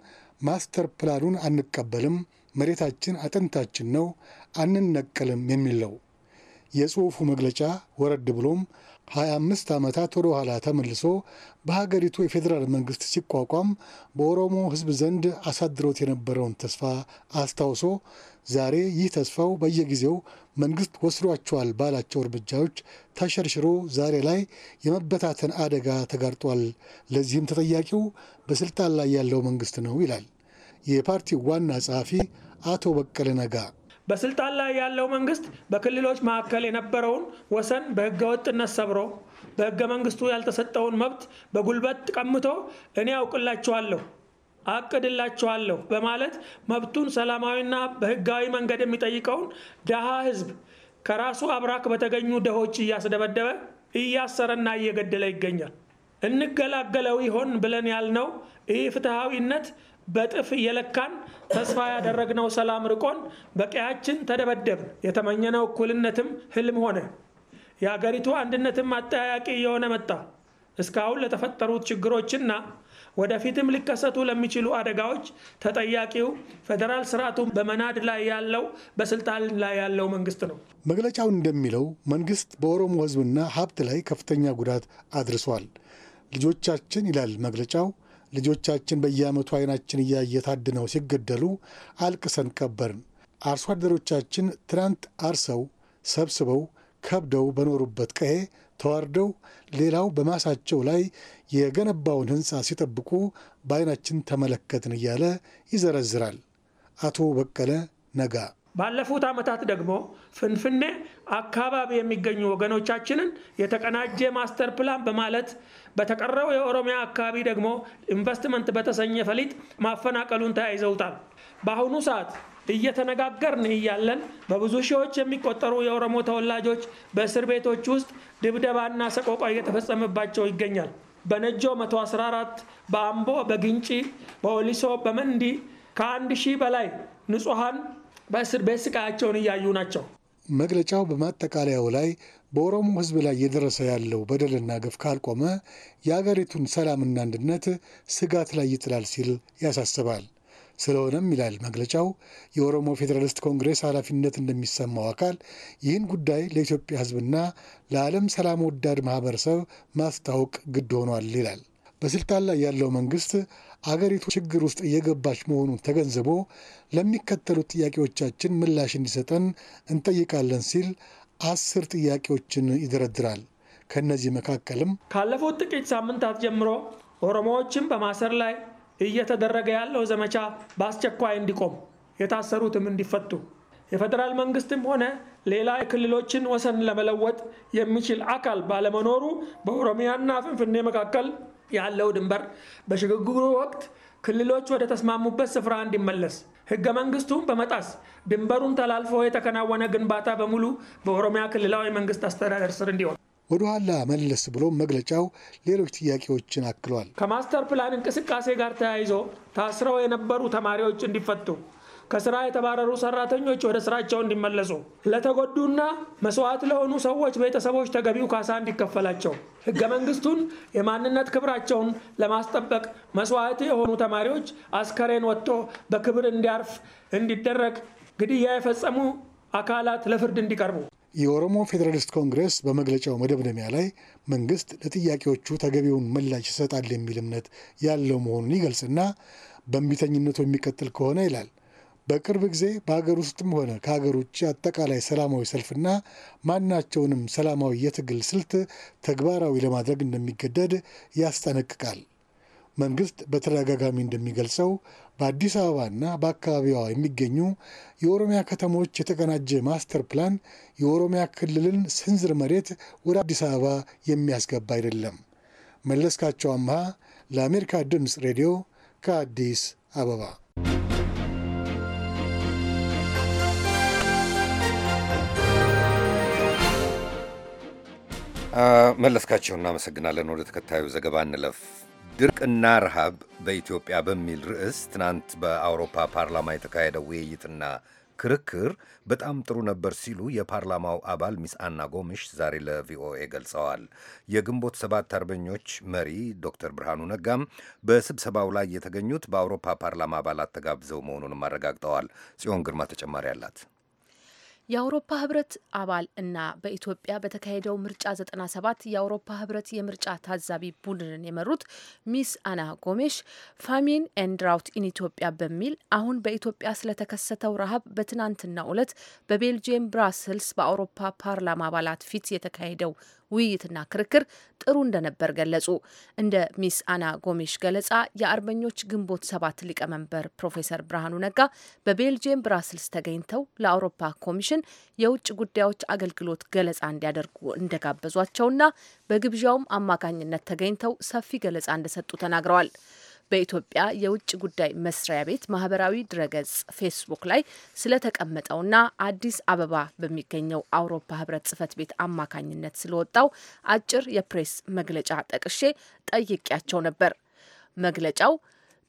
ማስተር ፕላኑን አንቀበልም፣ መሬታችን አጥንታችን ነው፣ አንነቀልም የሚል ነው። የጽሑፉ መግለጫ ወረድ ብሎም 25 ዓመታት ወደ ኋላ ተመልሶ በሀገሪቱ የፌዴራል መንግስት ሲቋቋም በኦሮሞ ሕዝብ ዘንድ አሳድሮት የነበረውን ተስፋ አስታውሶ ዛሬ ይህ ተስፋው በየጊዜው መንግስት ወስዷቸዋል ባላቸው እርምጃዎች ተሸርሽሮ ዛሬ ላይ የመበታተን አደጋ ተጋርጧል። ለዚህም ተጠያቂው በስልጣን ላይ ያለው መንግስት ነው ይላል የፓርቲው ዋና ጸሐፊ አቶ በቀለ ነጋ። በስልጣን ላይ ያለው መንግስት በክልሎች መካከል የነበረውን ወሰን በህገ ወጥነት ሰብሮ በህገ መንግስቱ ያልተሰጠውን መብት በጉልበት ቀምቶ እኔ አውቅላችኋለሁ አቅድላችኋለሁ በማለት መብቱን ሰላማዊና በህጋዊ መንገድ የሚጠይቀውን ደሃ ህዝብ ከራሱ አብራክ በተገኙ ደሆች እያስደበደበ እያሰረና እየገደለ ይገኛል። እንገላገለው ይሆን ብለን ያልነው ይህ ፍትሐዊነት በጥፍ እየለካን ተስፋ ያደረግነው ሰላም ርቆን በቀያችን ተደበደብ። የተመኘነው እኩልነትም ህልም ሆነ። የአገሪቱ አንድነትም አጠያያቂ እየሆነ መጣ። እስካሁን ለተፈጠሩት ችግሮችና ወደፊትም ሊከሰቱ ለሚችሉ አደጋዎች ተጠያቂው ፌዴራል ስርዓቱ በመናድ ላይ ያለው በስልጣን ላይ ያለው መንግስት ነው። መግለጫውን እንደሚለው መንግስት በኦሮሞ ህዝብና ሀብት ላይ ከፍተኛ ጉዳት አድርሷል። ልጆቻችን ይላል መግለጫው ልጆቻችን በየዓመቱ አይናችን እያየ ታድነው ሲገደሉ አልቅሰን ቀበርን። አርሶ አደሮቻችን ትናንት አርሰው ሰብስበው ከብደው በኖሩበት ቀዬ ተዋርደው ሌላው በማሳቸው ላይ የገነባውን ሕንፃ ሲጠብቁ በአይናችን ተመለከትን እያለ ይዘረዝራል አቶ በቀለ ነጋ። ባለፉት ዓመታት ደግሞ ፍንፍኔ አካባቢ የሚገኙ ወገኖቻችንን የተቀናጀ ማስተር ፕላን በማለት በተቀረው የኦሮሚያ አካባቢ ደግሞ ኢንቨስትመንት በተሰኘ ፈሊጥ ማፈናቀሉን ተያይዘውታል። በአሁኑ ሰዓት እየተነጋገርን እያለን በብዙ ሺዎች የሚቆጠሩ የኦሮሞ ተወላጆች በእስር ቤቶች ውስጥ ድብደባና ሰቆቋ እየተፈጸመባቸው ይገኛል። በነጆ 114 በአምቦ፣ በግንጪ፣ በወሊሶ፣ በመንዲ ከአንድ ሺህ በላይ ንጹሐን በእስር ስቃያቸውን እያዩ ናቸው። መግለጫው በማጠቃለያው ላይ በኦሮሞ ሕዝብ ላይ እየደረሰ ያለው በደልና ግፍ ካልቆመ የአገሪቱን ሰላምና አንድነት ስጋት ላይ ይጥላል ሲል ያሳስባል። ስለሆነም ይላል መግለጫው፣ የኦሮሞ ፌዴራሊስት ኮንግሬስ ኃላፊነት እንደሚሰማው አካል ይህን ጉዳይ ለኢትዮጵያ ሕዝብና ለዓለም ሰላም ወዳድ ማህበረሰብ ማስታወቅ ግድ ሆኗል ይላል። በስልጣን ላይ ያለው መንግስት አገሪቱ ችግር ውስጥ እየገባች መሆኑን ተገንዝቦ ለሚከተሉት ጥያቄዎቻችን ምላሽ እንዲሰጠን እንጠይቃለን ሲል አስር ጥያቄዎችን ይደረድራል። ከእነዚህ መካከልም ካለፉት ጥቂት ሳምንታት ጀምሮ ኦሮሞዎችን በማሰር ላይ እየተደረገ ያለው ዘመቻ በአስቸኳይ እንዲቆም፣ የታሰሩትም እንዲፈቱ የፌዴራል መንግስትም ሆነ ሌላ የክልሎችን ወሰን ለመለወጥ የሚችል አካል ባለመኖሩ በኦሮሚያና ፍንፍኔ መካከል ያለው ድንበር በሽግግሩ ወቅት ክልሎች ወደ ተስማሙበት ስፍራ እንዲመለስ ህገ መንግስቱን በመጣስ ድንበሩን ተላልፎ የተከናወነ ግንባታ በሙሉ በኦሮሚያ ክልላዊ መንግስት አስተዳደር ስር እንዲሆን ወደ ኋላ መለስ ብሎ መግለጫው ሌሎች ጥያቄዎችን አክሏል። ከማስተር ፕላን እንቅስቃሴ ጋር ተያይዞ ታስረው የነበሩ ተማሪዎች እንዲፈቱ ከስራ የተባረሩ ሰራተኞች ወደ ስራቸው እንዲመለሱ፣ ለተጎዱና መስዋዕት ለሆኑ ሰዎች ቤተሰቦች ተገቢው ካሳ እንዲከፈላቸው፣ ህገ መንግስቱን የማንነት ክብራቸውን ለማስጠበቅ መስዋዕት የሆኑ ተማሪዎች አስከሬን ወጥቶ በክብር እንዲያርፍ እንዲደረግ፣ ግድያ የፈጸሙ አካላት ለፍርድ እንዲቀርቡ የኦሮሞ ፌዴራሊስት ኮንግረስ በመግለጫው መደምደሚያ ላይ መንግስት ለጥያቄዎቹ ተገቢውን ምላሽ ይሰጣል የሚል እምነት ያለው መሆኑን ይገልጽና በእምቢተኝነቱ የሚቀጥል ከሆነ ይላል በቅርብ ጊዜ በሀገር ውስጥም ሆነ ከሀገር ውጭ አጠቃላይ ሰላማዊ ሰልፍና ማናቸውንም ሰላማዊ የትግል ስልት ተግባራዊ ለማድረግ እንደሚገደድ ያስጠነቅቃል። መንግስት በተደጋጋሚ እንደሚገልጸው በአዲስ አበባና በአካባቢዋ የሚገኙ የኦሮሚያ ከተሞች የተቀናጀ ማስተር ፕላን የኦሮሚያ ክልልን ስንዝር መሬት ወደ አዲስ አበባ የሚያስገባ አይደለም። መለስካቸው አምሃ ለአሜሪካ ድምፅ ሬዲዮ ከአዲስ አበባ መለስካቸው እናመሰግናለን። ወደ ተከታዩ ዘገባ እንለፍ። ድርቅና ረሃብ በኢትዮጵያ በሚል ርዕስ ትናንት በአውሮፓ ፓርላማ የተካሄደው ውይይትና ክርክር በጣም ጥሩ ነበር ሲሉ የፓርላማው አባል ሚስ አና ጎምሽ ዛሬ ለቪኦኤ ገልጸዋል። የግንቦት ሰባት አርበኞች መሪ ዶክተር ብርሃኑ ነጋም በስብሰባው ላይ የተገኙት በአውሮፓ ፓርላማ አባላት ተጋብዘው መሆኑንም አረጋግጠዋል። ጽዮን ግርማ ተጨማሪ አላት። የአውሮፓ ህብረት አባል እና በኢትዮጵያ በተካሄደው ምርጫ 97 የአውሮፓ ህብረት የምርጫ ታዛቢ ቡድንን የመሩት ሚስ አና ጎሜሽ ፋሚን ኤንድ ራውት ኢን ኢትዮጵያ በሚል አሁን በኢትዮጵያ ስለተከሰተው ረሃብ በትናንትናው ዕለት በቤልጅየም ብራስልስ በአውሮፓ ፓርላማ አባላት ፊት የተካሄደው ውይይትና ክርክር ጥሩ እንደነበር ገለጹ። እንደ ሚስ አና ጎሜሽ ገለጻ የአርበኞች ግንቦት ሰባት ሊቀመንበር ፕሮፌሰር ብርሃኑ ነጋ በቤልጅየም ብራስልስ ተገኝተው ለአውሮፓ ኮሚሽን የውጭ ጉዳዮች አገልግሎት ገለጻ እንዲያደርጉ እንደጋበዟቸውና በግብዣውም አማካኝነት ተገኝተው ሰፊ ገለጻ እንደሰጡ ተናግረዋል። በኢትዮጵያ የውጭ ጉዳይ መስሪያ ቤት ማህበራዊ ድረገጽ ፌስቡክ ላይ ስለተቀመጠውና አዲስ አበባ በሚገኘው አውሮፓ ህብረት ጽህፈት ቤት አማካኝነት ስለወጣው አጭር የፕሬስ መግለጫ ጠቅሼ ጠይቄያቸው ነበር። መግለጫው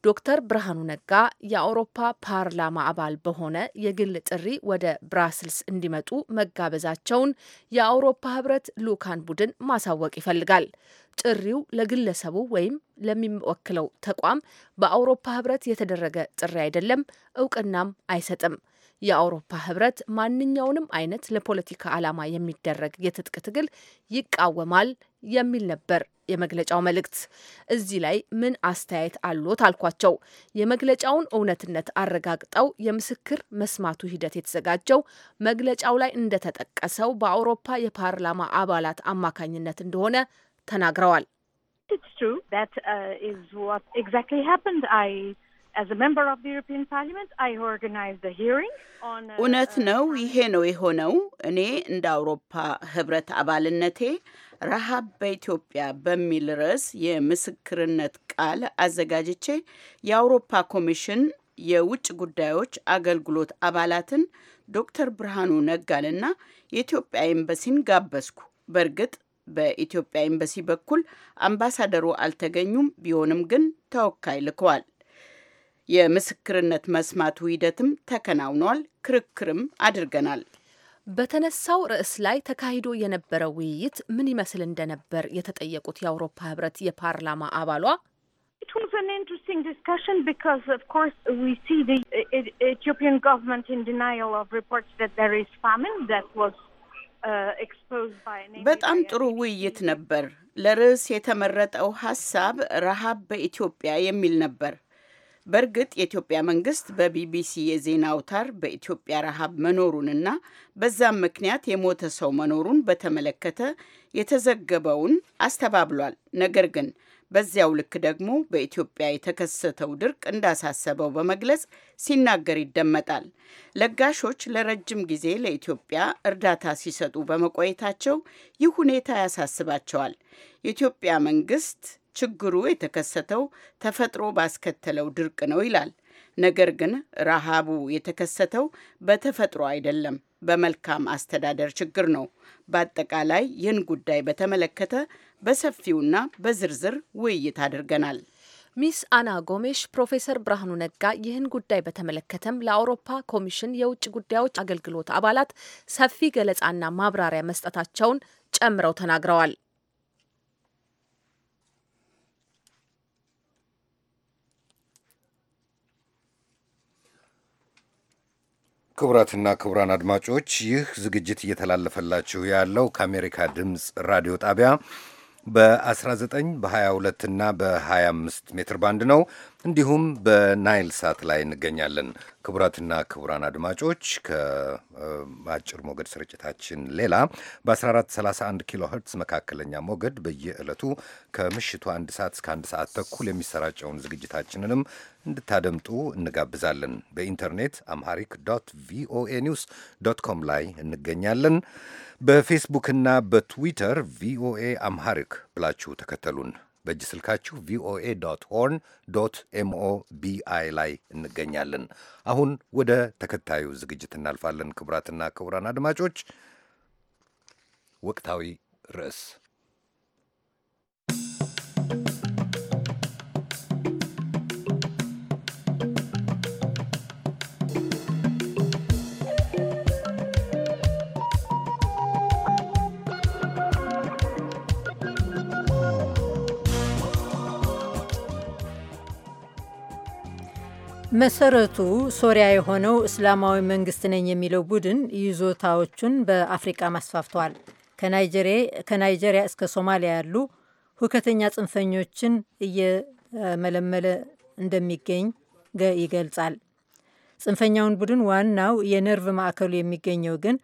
ዶክተር ብርሃኑ ነጋ የአውሮፓ ፓርላማ አባል በሆነ የግል ጥሪ ወደ ብራስልስ እንዲመጡ መጋበዛቸውን የአውሮፓ ህብረት ሉካን ቡድን ማሳወቅ ይፈልጋል። ጥሪው ለግለሰቡ ወይም ለሚወክለው ተቋም በአውሮፓ ህብረት የተደረገ ጥሪ አይደለም፣ እውቅናም አይሰጥም። የአውሮፓ ህብረት ማንኛውንም አይነት ለፖለቲካ ዓላማ የሚደረግ የትጥቅ ትግል ይቃወማል የሚል ነበር የመግለጫው መልእክት። እዚህ ላይ ምን አስተያየት አሎት አልኳቸው። የመግለጫውን እውነትነት አረጋግጠው የምስክር መስማቱ ሂደት የተዘጋጀው መግለጫው ላይ እንደተጠቀሰው በአውሮፓ የፓርላማ አባላት አማካኝነት እንደሆነ ተናግረዋል። uh, uh, እውነት ነው። ይሄ ነው የሆነው። እኔ እንደ አውሮፓ ህብረት አባልነቴ ረሃብ በኢትዮጵያ በሚል ርዕስ የምስክርነት ቃል አዘጋጅቼ የአውሮፓ ኮሚሽን የውጭ ጉዳዮች አገልግሎት አባላትን ዶክተር ብርሃኑ ነጋልና የኢትዮጵያ ኤምባሲን ጋበዝኩ። በእርግጥ በኢትዮጵያ ኤምባሲ በኩል አምባሳደሩ አልተገኙም። ቢሆንም ግን ተወካይ ልከዋል። የምስክርነት መስማቱ ሂደትም ተከናውኗል። ክርክርም አድርገናል። በተነሳው ርዕስ ላይ ተካሂዶ የነበረው ውይይት ምን ይመስል እንደነበር የተጠየቁት የአውሮፓ ህብረት የፓርላማ አባሏ በጣም ጥሩ ውይይት ነበር። ለርዕስ የተመረጠው ሀሳብ ረሃብ በኢትዮጵያ የሚል ነበር። በእርግጥ የኢትዮጵያ መንግስት በቢቢሲ የዜና አውታር በኢትዮጵያ ረሃብ መኖሩንና በዛም ምክንያት የሞተ ሰው መኖሩን በተመለከተ የተዘገበውን አስተባብሏል። ነገር ግን በዚያው ልክ ደግሞ በኢትዮጵያ የተከሰተው ድርቅ እንዳሳሰበው በመግለጽ ሲናገር ይደመጣል። ለጋሾች ለረጅም ጊዜ ለኢትዮጵያ እርዳታ ሲሰጡ በመቆየታቸው ይህ ሁኔታ ያሳስባቸዋል። የኢትዮጵያ መንግስት ችግሩ የተከሰተው ተፈጥሮ ባስከተለው ድርቅ ነው ይላል። ነገር ግን ረሃቡ የተከሰተው በተፈጥሮ አይደለም፣ በመልካም አስተዳደር ችግር ነው። በአጠቃላይ ይህን ጉዳይ በተመለከተ በሰፊውና በዝርዝር ውይይት አድርገናል። ሚስ አና ጎሜሽ ፕሮፌሰር ብርሃኑ ነጋ ይህን ጉዳይ በተመለከተም ለአውሮፓ ኮሚሽን የውጭ ጉዳዮች አገልግሎት አባላት ሰፊ ገለጻና ማብራሪያ መስጠታቸውን ጨምረው ተናግረዋል። ክቡራትና ክቡራን አድማጮች ይህ ዝግጅት እየተላለፈላችሁ ያለው ከአሜሪካ ድምፅ ራዲዮ ጣቢያ በ19 በ22 እና በ25 ሜትር ባንድ ነው። እንዲሁም በናይል ሳት ላይ እንገኛለን። ክቡራትና ክቡራን አድማጮች ከአጭር ሞገድ ስርጭታችን ሌላ በ1431 ኪሎ ኸርትዝ መካከለኛ ሞገድ በየዕለቱ ከምሽቱ አንድ ሰዓት እስከ አንድ ሰዓት ተኩል የሚሰራጨውን ዝግጅታችንንም እንድታደምጡ እንጋብዛለን። በኢንተርኔት አምሃሪክ ዶት ቪኦኤ ኒውስ ዶት ኮም ላይ እንገኛለን። በፌስቡክና በትዊተር ቪኦኤ አምሃሪክ ብላችሁ ተከተሉን። በእጅ ስልካችሁ ቪኦኤ ዶት ሆርን ዶት ኤምኦ ቢአይ ላይ እንገኛለን። አሁን ወደ ተከታዩ ዝግጅት እናልፋለን። ክቡራትና ክቡራን አድማጮች ወቅታዊ ርዕስ መሰረቱ ሶሪያ የሆነው እስላማዊ መንግስት ነኝ የሚለው ቡድን ይዞታዎቹን በአፍሪቃ ማስፋፍተዋል። ከናይጄሪያ እስከ ሶማሊያ ያሉ ሁከተኛ ጽንፈኞችን እየመለመለ እንደሚገኝ ይገልጻል። ጽንፈኛውን ቡድን ዋናው የነርቭ ማዕከሉ የሚገኘው ግን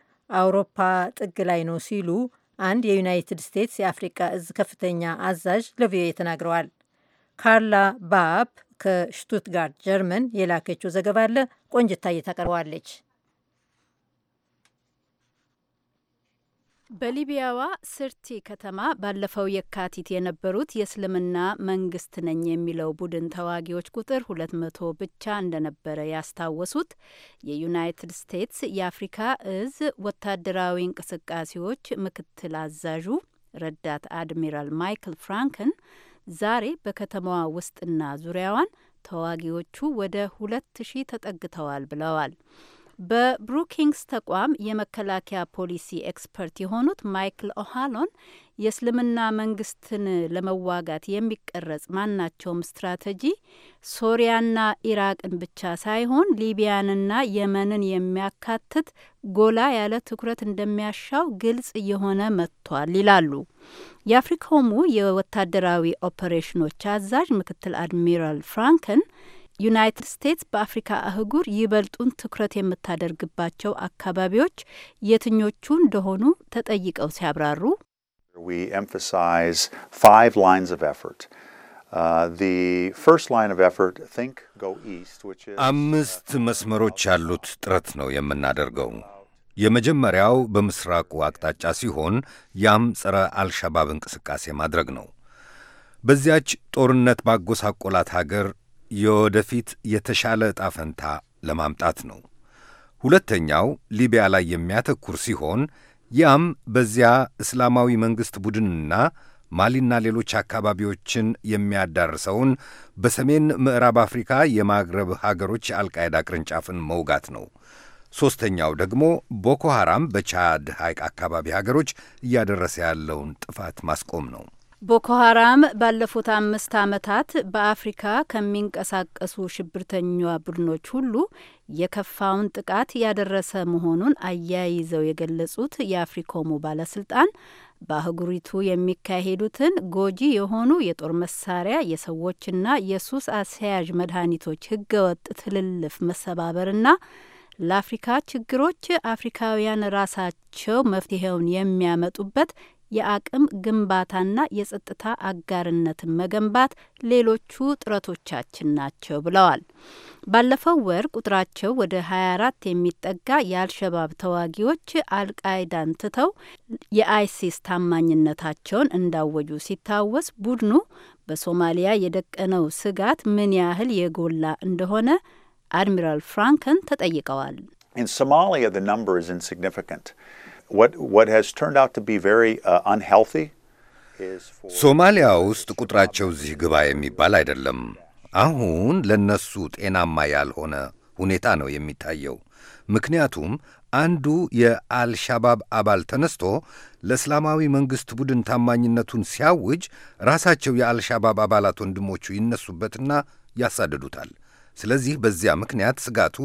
አውሮፓ ጥግ ላይ ነው ሲሉ አንድ የዩናይትድ ስቴትስ የአፍሪቃ እዝ ከፍተኛ አዛዥ ለቪኦኤ ተናግረዋል። ካርላ ባፕ ከሽቱትጋርት ጀርመን የላከችው ዘገባ አለ። ቆንጅታዬ ታቀርበዋለች። በሊቢያዋ ስርቲ ከተማ ባለፈው የካቲት የነበሩት የእስልምና መንግስት ነኝ የሚለው ቡድን ተዋጊዎች ቁጥር ሁለት መቶ ብቻ እንደነበረ ያስታወሱት የዩናይትድ ስቴትስ የአፍሪካ እዝ ወታደራዊ እንቅስቃሴዎች ምክትል አዛዡ ረዳት አድሚራል ማይክል ፍራንክን ዛሬ በከተማዋ ውስጥና ዙሪያዋን ተዋጊዎቹ ወደ ሁለት ሺህ ተጠግተዋል ብለዋል። በብሩኪንግስ ተቋም የመከላከያ ፖሊሲ ኤክስፐርት የሆኑት ማይክል ኦሃሎን የእስልምና መንግስትን ለመዋጋት የሚቀረጽ ማናቸውም ስትራቴጂ ሶሪያና ኢራቅን ብቻ ሳይሆን ሊቢያንና የመንን የሚያካትት ጎላ ያለ ትኩረት እንደሚያሻው ግልጽ እየሆነ መጥቷል ይላሉ። የአፍሪካሙ የወታደራዊ ኦፐሬሽኖች አዛዥ ምክትል አድሚራል ፍራንክን ዩናይትድ ስቴትስ በአፍሪካ አህጉር ይበልጡን ትኩረት የምታደርግባቸው አካባቢዎች የትኞቹ እንደሆኑ ተጠይቀው ሲያብራሩ uh, አምስት መስመሮች ያሉት ጥረት ነው የምናደርገው። የመጀመሪያው በምስራቁ አቅጣጫ ሲሆን ያም ጸረ አልሸባብ እንቅስቃሴ ማድረግ ነው። በዚያች ጦርነት ባጎሳቆላት ሀገር የወደፊት የተሻለ ዕጣ ፈንታ ለማምጣት ነው። ሁለተኛው ሊቢያ ላይ የሚያተኩር ሲሆን ያም በዚያ እስላማዊ መንግሥት ቡድንና ማሊና ሌሎች አካባቢዎችን የሚያዳርሰውን በሰሜን ምዕራብ አፍሪካ የማግረብ ሀገሮች የአልቃይዳ ቅርንጫፍን መውጋት ነው። ሦስተኛው ደግሞ ቦኮ ሐራም በቻድ ሐይቅ አካባቢ ሀገሮች እያደረሰ ያለውን ጥፋት ማስቆም ነው። ቦኮ ሀራም ባለፉት አምስት ዓመታት በአፍሪካ ከሚንቀሳቀሱ ሽብርተኛ ቡድኖች ሁሉ የከፋውን ጥቃት ያደረሰ መሆኑን አያይዘው የገለጹት የአፍሪኮሙ ባለስልጣን በአህጉሪቱ የሚካሄዱትን ጎጂ የሆኑ የጦር መሳሪያ የሰዎችና የሱስ አስያዥ መድኃኒቶች ህገወጥ ትልልፍ መሰባበርና ለአፍሪካ ችግሮች አፍሪካውያን ራሳቸው መፍትሄውን የሚያመጡበት የአቅም ግንባታና የጸጥታ አጋርነትን መገንባት ሌሎቹ ጥረቶቻችን ናቸው ብለዋል። ባለፈው ወር ቁጥራቸው ወደ 24 የሚጠጋ የአልሸባብ ተዋጊዎች አልቃይዳን ትተው የአይሲስ ታማኝነታቸውን እንዳወጁ ሲታወስ ቡድኑ በሶማሊያ የደቀነው ስጋት ምን ያህል የጎላ እንደሆነ አድሚራል ፍራንከን ተጠይቀዋል። In Somalia, the number is insignificant. what what has turned out to be very uh, unhealthy ሶማሊያ ውስጥ ቁጥራቸው እዚህ ግባ የሚባል አይደለም። አሁን ለነሱ ጤናማ ያልሆነ ሁኔታ ነው የሚታየው። ምክንያቱም አንዱ የአልሻባብ አባል ተነስቶ ለእስላማዊ መንግሥት ቡድን ታማኝነቱን ሲያውጅ ራሳቸው የአልሻባብ አባላት ወንድሞቹ ይነሱበትና ያሳድዱታል። ስለዚህ በዚያ ምክንያት ስጋቱ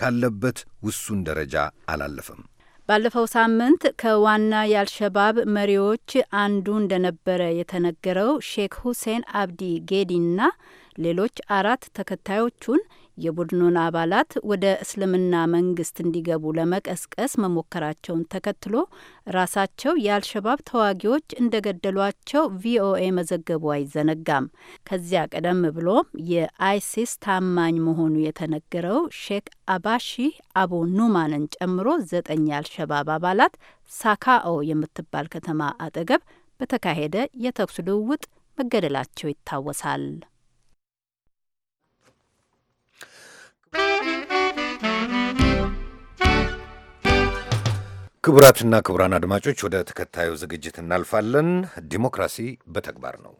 ካለበት ውሱን ደረጃ አላለፈም። ባለፈው ሳምንት ከዋና የአልሸባብ መሪዎች አንዱ እንደነበረ የተነገረው ሼክ ሁሴን አብዲ ጌዲና ሌሎች አራት ተከታዮቹን የቡድኑን አባላት ወደ እስልምና መንግስት እንዲገቡ ለመቀስቀስ መሞከራቸውን ተከትሎ ራሳቸው የአልሸባብ ተዋጊዎች እንደገደሏቸው ቪኦኤ መዘገቡ አይዘነጋም። ከዚያ ቀደም ብሎም የአይሲስ ታማኝ መሆኑ የተነገረው ሼክ አባሺ አቡ ኑማንን ጨምሮ ዘጠኝ የአልሸባብ አባላት ሳካኦ የምትባል ከተማ አጠገብ በተካሄደ የተኩስ ልውውጥ መገደላቸው ይታወሳል። ክቡራትና ክቡራን አድማጮች ወደ ተከታዩ ዝግጅት እናልፋለን። ዲሞክራሲ በተግባር ነው።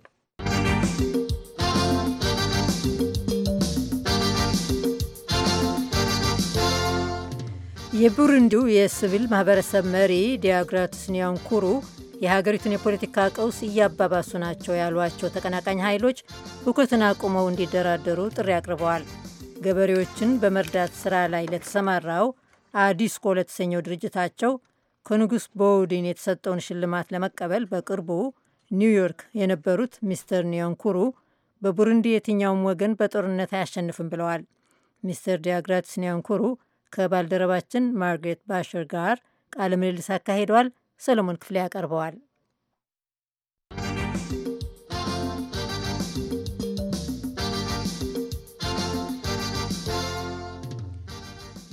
የቡሩንዲው የሲቪል ማህበረሰብ መሪ ዲያግራትስ ኒያንኩሩ የሀገሪቱን የፖለቲካ ቀውስ እያባባሱ ናቸው ያሏቸው ተቀናቃኝ ኃይሎች ሁከትን አቁመው እንዲደራደሩ ጥሪ አቅርበዋል። ገበሬዎችን በመርዳት ስራ ላይ ለተሰማራው አዲስኮ ለተሰኘው ድርጅታቸው ከንጉሥ ቦውዲን የተሰጠውን ሽልማት ለመቀበል በቅርቡ ኒውዮርክ የነበሩት ሚስተር ኒዮንኩሩ በቡሩንዲ የትኛውም ወገን በጦርነት አያሸንፍም ብለዋል። ሚስተር ዲያግራትስ ኒዮንኩሩ ከባልደረባችን ማርግሬት ባሸር ጋር ቃለ ምልልስ አካሂደዋል። ሰለሞን ክፍሌ ያቀርበዋል።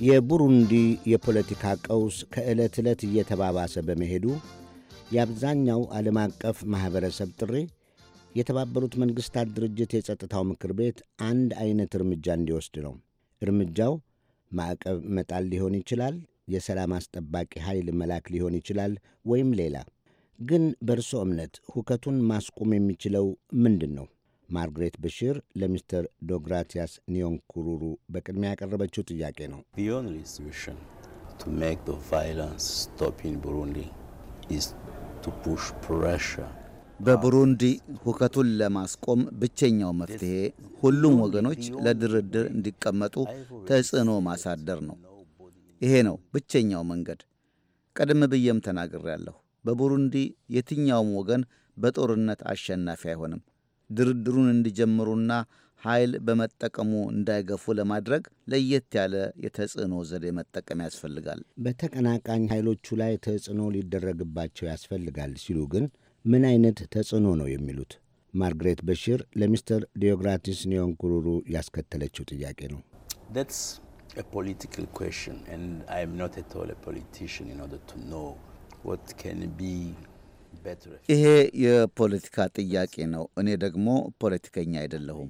የቡሩንዲ የፖለቲካ ቀውስ ከዕለት ዕለት እየተባባሰ በመሄዱ የአብዛኛው ዓለም አቀፍ ማኅበረሰብ ጥሪ የተባበሩት መንግሥታት ድርጅት የጸጥታው ምክር ቤት አንድ ዐይነት እርምጃ እንዲወስድ ነው። እርምጃው ማዕቀብ መጣል ሊሆን ይችላል፣ የሰላም አስጠባቂ ኃይል መላክ ሊሆን ይችላል፣ ወይም ሌላ። ግን በእርሶ እምነት ሁከቱን ማስቆም የሚችለው ምንድን ነው? ማርግሬት ብሽር ለሚስተር ዶግራቲያስ ኩሩሩ በቅድሚያ ያቀረበችው ጥያቄ ነው። በቡሩንዲ ሁከቱን ለማስቆም ብቸኛው መፍትሄ ሁሉም ወገኖች ለድርድር እንዲቀመጡ ተጽዕኖ ማሳደር ነው። ይሄ ነው ብቸኛው መንገድ። ቀደም ብዬም ተናግሬያለሁ። በቡሩንዲ የትኛውም ወገን በጦርነት አሸናፊ አይሆንም። ድርድሩን እንዲጀምሩና ኃይል በመጠቀሙ እንዳይገፉ ለማድረግ ለየት ያለ የተጽዕኖ ዘዴ መጠቀም ያስፈልጋል። በተቀናቃኝ ኃይሎቹ ላይ ተጽዕኖ ሊደረግባቸው ያስፈልጋል ሲሉ ግን ምን አይነት ተጽዕኖ ነው የሚሉት? ማርግሬት በሽር ለሚስተር ዲዮግራቲስ ኒዮንኩሩሩ ያስከተለችው ጥያቄ ነው። ይሄ የፖለቲካ ጥያቄ ነው። እኔ ደግሞ ፖለቲከኛ አይደለሁም።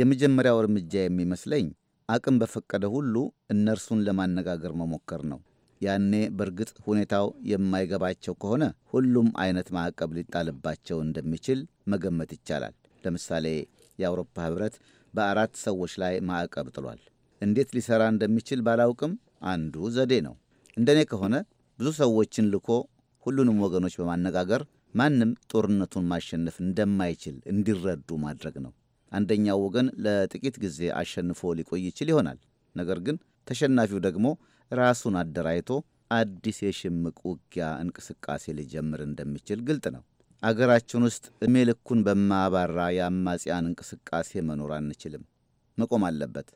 የመጀመሪያው እርምጃ የሚመስለኝ አቅም በፈቀደ ሁሉ እነርሱን ለማነጋገር መሞከር ነው። ያኔ በእርግጥ ሁኔታው የማይገባቸው ከሆነ ሁሉም አይነት ማዕቀብ ሊጣልባቸው እንደሚችል መገመት ይቻላል። ለምሳሌ የአውሮፓ ህብረት በአራት ሰዎች ላይ ማዕቀብ ጥሏል። እንዴት ሊሠራ እንደሚችል ባላውቅም አንዱ ዘዴ ነው። እንደኔ ከሆነ ብዙ ሰዎችን ልኮ ሁሉንም ወገኖች በማነጋገር ማንም ጦርነቱን ማሸነፍ እንደማይችል እንዲረዱ ማድረግ ነው። አንደኛው ወገን ለጥቂት ጊዜ አሸንፎ ሊቆይ ይችል ይሆናል። ነገር ግን ተሸናፊው ደግሞ ራሱን አደራጅቶ አዲስ የሽምቅ ውጊያ እንቅስቃሴ ሊጀምር እንደሚችል ግልጥ ነው። አገራችን ውስጥ እድሜ ልኩን በማባራ የአማጽያን እንቅስቃሴ መኖር አንችልም። መቆም አለበት።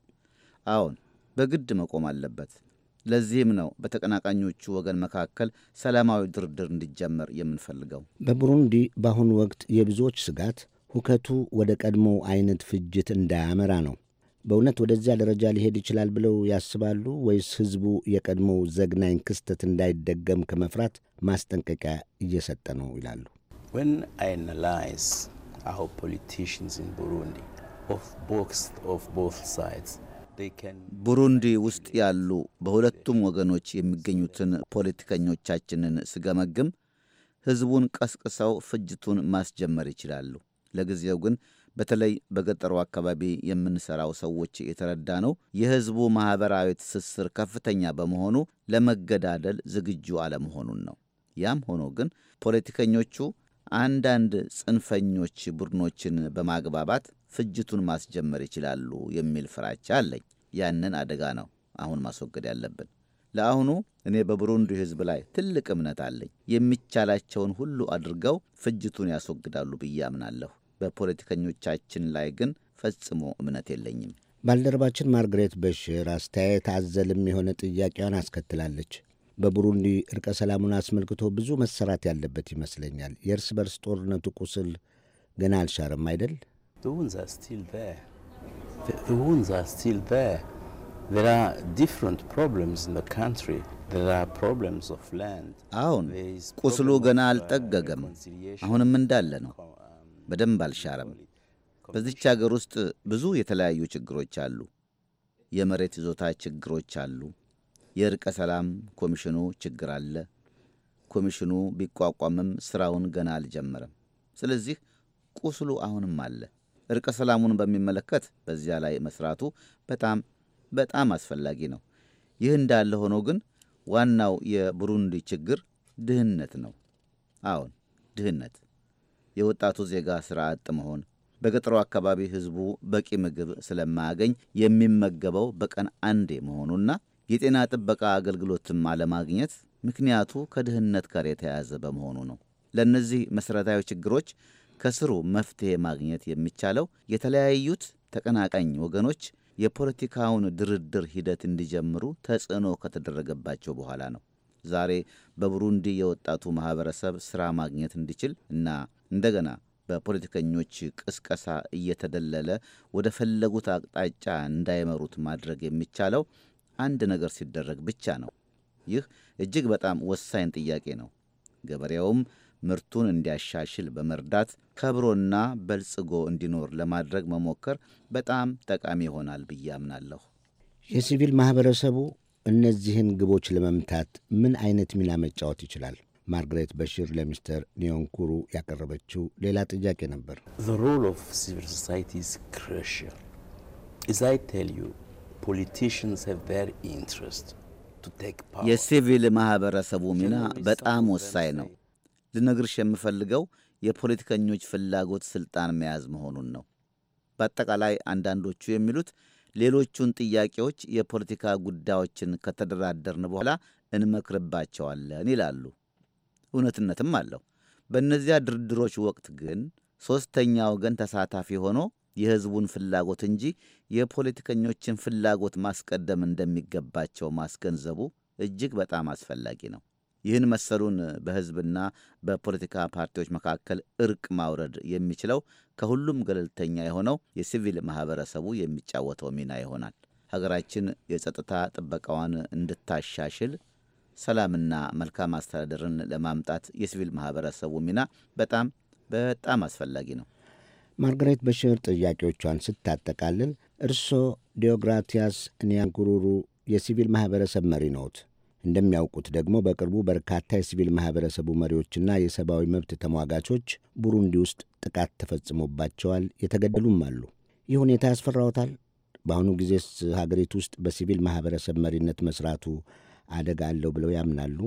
አዎን፣ በግድ መቆም አለበት። ለዚህም ነው በተቀናቃኞቹ ወገን መካከል ሰላማዊ ድርድር እንዲጀመር የምንፈልገው። በቡሩንዲ በአሁኑ ወቅት የብዙዎች ስጋት ሁከቱ ወደ ቀድሞው አይነት ፍጅት እንዳያመራ ነው። በእውነት ወደዚያ ደረጃ ሊሄድ ይችላል ብለው ያስባሉ ወይስ ሕዝቡ የቀድሞው ዘግናኝ ክስተት እንዳይደገም ከመፍራት ማስጠንቀቂያ እየሰጠ ነው ይላሉ። ቡሩንዲ ቡሩንዲ ውስጥ ያሉ በሁለቱም ወገኖች የሚገኙትን ፖለቲከኞቻችንን ስገመግም ሕዝቡን ቀስቅሰው ፍጅቱን ማስጀመር ይችላሉ። ለጊዜው ግን በተለይ በገጠሩ አካባቢ የምንሰራው ሰዎች የተረዳ ነው። የሕዝቡ ማኅበራዊ ትስስር ከፍተኛ በመሆኑ ለመገዳደል ዝግጁ አለመሆኑን ነው። ያም ሆኖ ግን ፖለቲከኞቹ አንዳንድ ጽንፈኞች ቡድኖችን በማግባባት ፍጅቱን ማስጀመር ይችላሉ የሚል ፍራቻ አለኝ። ያንን አደጋ ነው አሁን ማስወገድ ያለብን። ለአሁኑ እኔ በብሩንዲ ሕዝብ ላይ ትልቅ እምነት አለኝ። የሚቻላቸውን ሁሉ አድርገው ፍጅቱን ያስወግዳሉ ብዬ አምናለሁ። በፖለቲከኞቻችን ላይ ግን ፈጽሞ እምነት የለኝም። ባልደረባችን ማርግሬት በሽር አስተያየት አዘልም የሆነ ጥያቄዋን አስከትላለች። በቡሩንዲ እርቀ ሰላሙን አስመልክቶ ብዙ መሰራት ያለበት ይመስለኛል። የእርስ በርስ ጦርነቱ ቁስል ገና አልሻርም አይደል? The, the wounds are still there. There are different problems in the country. አሁን ቁስሉ ገና uh, አልጠገገም። አሁንም እንዳለ ነው። um, በደንብ አልሻረም። በዚች አገር ውስጥ ብዙ የተለያዩ ችግሮች አሉ። የመሬት ይዞታ ችግሮች አሉ። የእርቀ ሰላም ኮሚሽኑ ችግር አለ። ኮሚሽኑ ቢቋቋምም ስራውን ገና አልጀመረም። ስለዚህ ቁስሉ አሁንም አለ። እርቀ ሰላሙን በሚመለከት በዚያ ላይ መስራቱ በጣም በጣም አስፈላጊ ነው። ይህ እንዳለ ሆኖ ግን ዋናው የቡሩንዲ ችግር ድህነት ነው። አዎን ድህነት፣ የወጣቱ ዜጋ ሥራ አጥ መሆን፣ በገጠሩ አካባቢ ሕዝቡ በቂ ምግብ ስለማያገኝ የሚመገበው በቀን አንዴ መሆኑና የጤና ጥበቃ አገልግሎትም አለማግኘት ምክንያቱ ከድህነት ጋር የተያያዘ በመሆኑ ነው። ለእነዚህ መሠረታዊ ችግሮች ከስሩ መፍትሄ ማግኘት የሚቻለው የተለያዩት ተቀናቃኝ ወገኖች የፖለቲካውን ድርድር ሂደት እንዲጀምሩ ተጽዕኖ ከተደረገባቸው በኋላ ነው። ዛሬ በቡሩንዲ የወጣቱ ማህበረሰብ ስራ ማግኘት እንዲችል እና እንደገና በፖለቲከኞች ቅስቀሳ እየተደለለ ወደ ፈለጉት አቅጣጫ እንዳይመሩት ማድረግ የሚቻለው አንድ ነገር ሲደረግ ብቻ ነው። ይህ እጅግ በጣም ወሳኝ ጥያቄ ነው። ገበሬውም ምርቱን እንዲያሻሽል በመርዳት ከብሮና በልጽጎ እንዲኖር ለማድረግ መሞከር በጣም ጠቃሚ ይሆናል ብዬ አምናለሁ። የሲቪል ማኅበረሰቡ እነዚህን ግቦች ለመምታት ምን አይነት ሚና መጫወት ይችላል? ማርግሬት በሺር ለሚስተር ኒዮንኩሩ ያቀረበችው ሌላ ጥያቄ ነበር። የሲቪል ማኅበረሰቡ ሚና በጣም ወሳኝ ነው። ልነግርሽ የምፈልገው የፖለቲከኞች ፍላጎት ስልጣን መያዝ መሆኑን ነው። በአጠቃላይ አንዳንዶቹ የሚሉት ሌሎቹን ጥያቄዎች የፖለቲካ ጉዳዮችን ከተደራደርን በኋላ እንመክርባቸዋለን ይላሉ። እውነትነትም አለው። በእነዚያ ድርድሮች ወቅት ግን ሦስተኛ ወገን ተሳታፊ ሆኖ የሕዝቡን ፍላጎት እንጂ የፖለቲከኞችን ፍላጎት ማስቀደም እንደሚገባቸው ማስገንዘቡ እጅግ በጣም አስፈላጊ ነው። ይህን መሰሉን በሕዝብና በፖለቲካ ፓርቲዎች መካከል እርቅ ማውረድ የሚችለው ከሁሉም ገለልተኛ የሆነው የሲቪል ማህበረሰቡ የሚጫወተው ሚና ይሆናል። ሀገራችን የጸጥታ ጥበቃዋን እንድታሻሽል ሰላምና መልካም አስተዳደርን ለማምጣት የሲቪል ማህበረሰቡ ሚና በጣም በጣም አስፈላጊ ነው። ማርገሬት በሽር ጥያቄዎቿን ስታጠቃልል እርሶ ዲዮግራቲያስ ኒያንጉሩሩ የሲቪል ማህበረሰብ መሪ ነዎት። እንደሚያውቁት ደግሞ በቅርቡ በርካታ የሲቪል ማኅበረሰቡ መሪዎችና የሰብአዊ መብት ተሟጋቾች ቡሩንዲ ውስጥ ጥቃት ተፈጽሞባቸዋል፣ የተገደሉም አሉ። ይህ ሁኔታ ያስፈራውታል። በአሁኑ ጊዜስ ሀገሪቱ ውስጥ በሲቪል ማኅበረሰብ መሪነት መስራቱ አደጋ አለው ብለው ያምናሉ?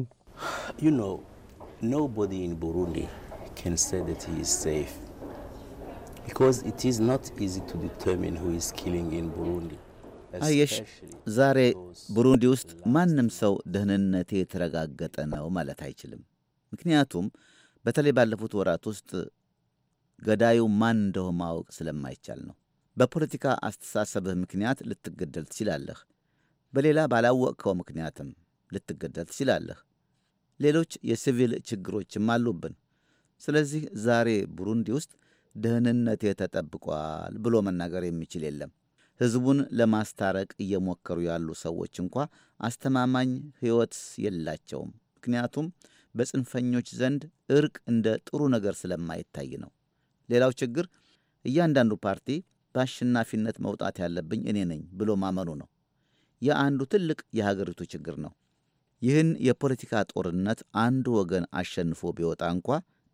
አየሽ፣ ዛሬ ቡሩንዲ ውስጥ ማንም ሰው ደህንነቴ የተረጋገጠ ነው ማለት አይችልም። ምክንያቱም በተለይ ባለፉት ወራት ውስጥ ገዳዩ ማን እንደሆ ማወቅ ስለማይቻል ነው። በፖለቲካ አስተሳሰብህ ምክንያት ልትገደል ትችላለህ። በሌላ ባላወቅከው ምክንያትም ልትገደል ትችላለህ። ሌሎች የሲቪል ችግሮችም አሉብን። ስለዚህ ዛሬ ቡሩንዲ ውስጥ ደህንነቴ ተጠብቋል ብሎ መናገር የሚችል የለም። ሕዝቡን ለማስታረቅ እየሞከሩ ያሉ ሰዎች እንኳ አስተማማኝ ሕይወት የላቸውም። ምክንያቱም በጽንፈኞች ዘንድ እርቅ እንደ ጥሩ ነገር ስለማይታይ ነው። ሌላው ችግር እያንዳንዱ ፓርቲ በአሸናፊነት መውጣት ያለብኝ እኔ ነኝ ብሎ ማመኑ ነው። የአንዱ ትልቅ የሀገሪቱ ችግር ነው። ይህን የፖለቲካ ጦርነት አንድ ወገን አሸንፎ ቢወጣ እንኳ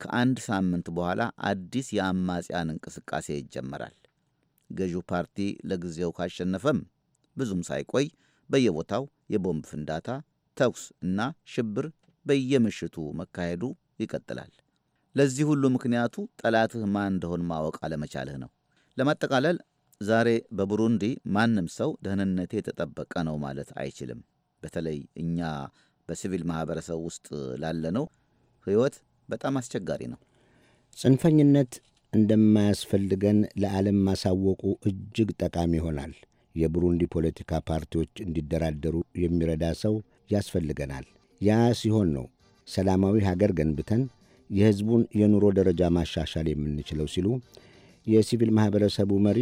ከአንድ ሳምንት በኋላ አዲስ የአማጽያን እንቅስቃሴ ይጀመራል። ገዢው ፓርቲ ለጊዜው ካሸነፈም ብዙም ሳይቆይ በየቦታው የቦምብ ፍንዳታ፣ ተኩስ እና ሽብር በየምሽቱ መካሄዱ ይቀጥላል። ለዚህ ሁሉ ምክንያቱ ጠላትህ ማን እንደሆን ማወቅ አለመቻልህ ነው። ለማጠቃለል ዛሬ በቡሩንዲ ማንም ሰው ደህንነቴ የተጠበቀ ነው ማለት አይችልም። በተለይ እኛ በሲቪል ማህበረሰብ ውስጥ ላለነው ሕይወት በጣም አስቸጋሪ ነው። ጽንፈኝነት እንደማያስፈልገን ለዓለም ማሳወቁ እጅግ ጠቃሚ ይሆናል። የቡሩንዲ ፖለቲካ ፓርቲዎች እንዲደራደሩ የሚረዳ ሰው ያስፈልገናል። ያ ሲሆን ነው ሰላማዊ ሀገር ገንብተን የሕዝቡን የኑሮ ደረጃ ማሻሻል የምንችለው ሲሉ የሲቪል ማኅበረሰቡ መሪ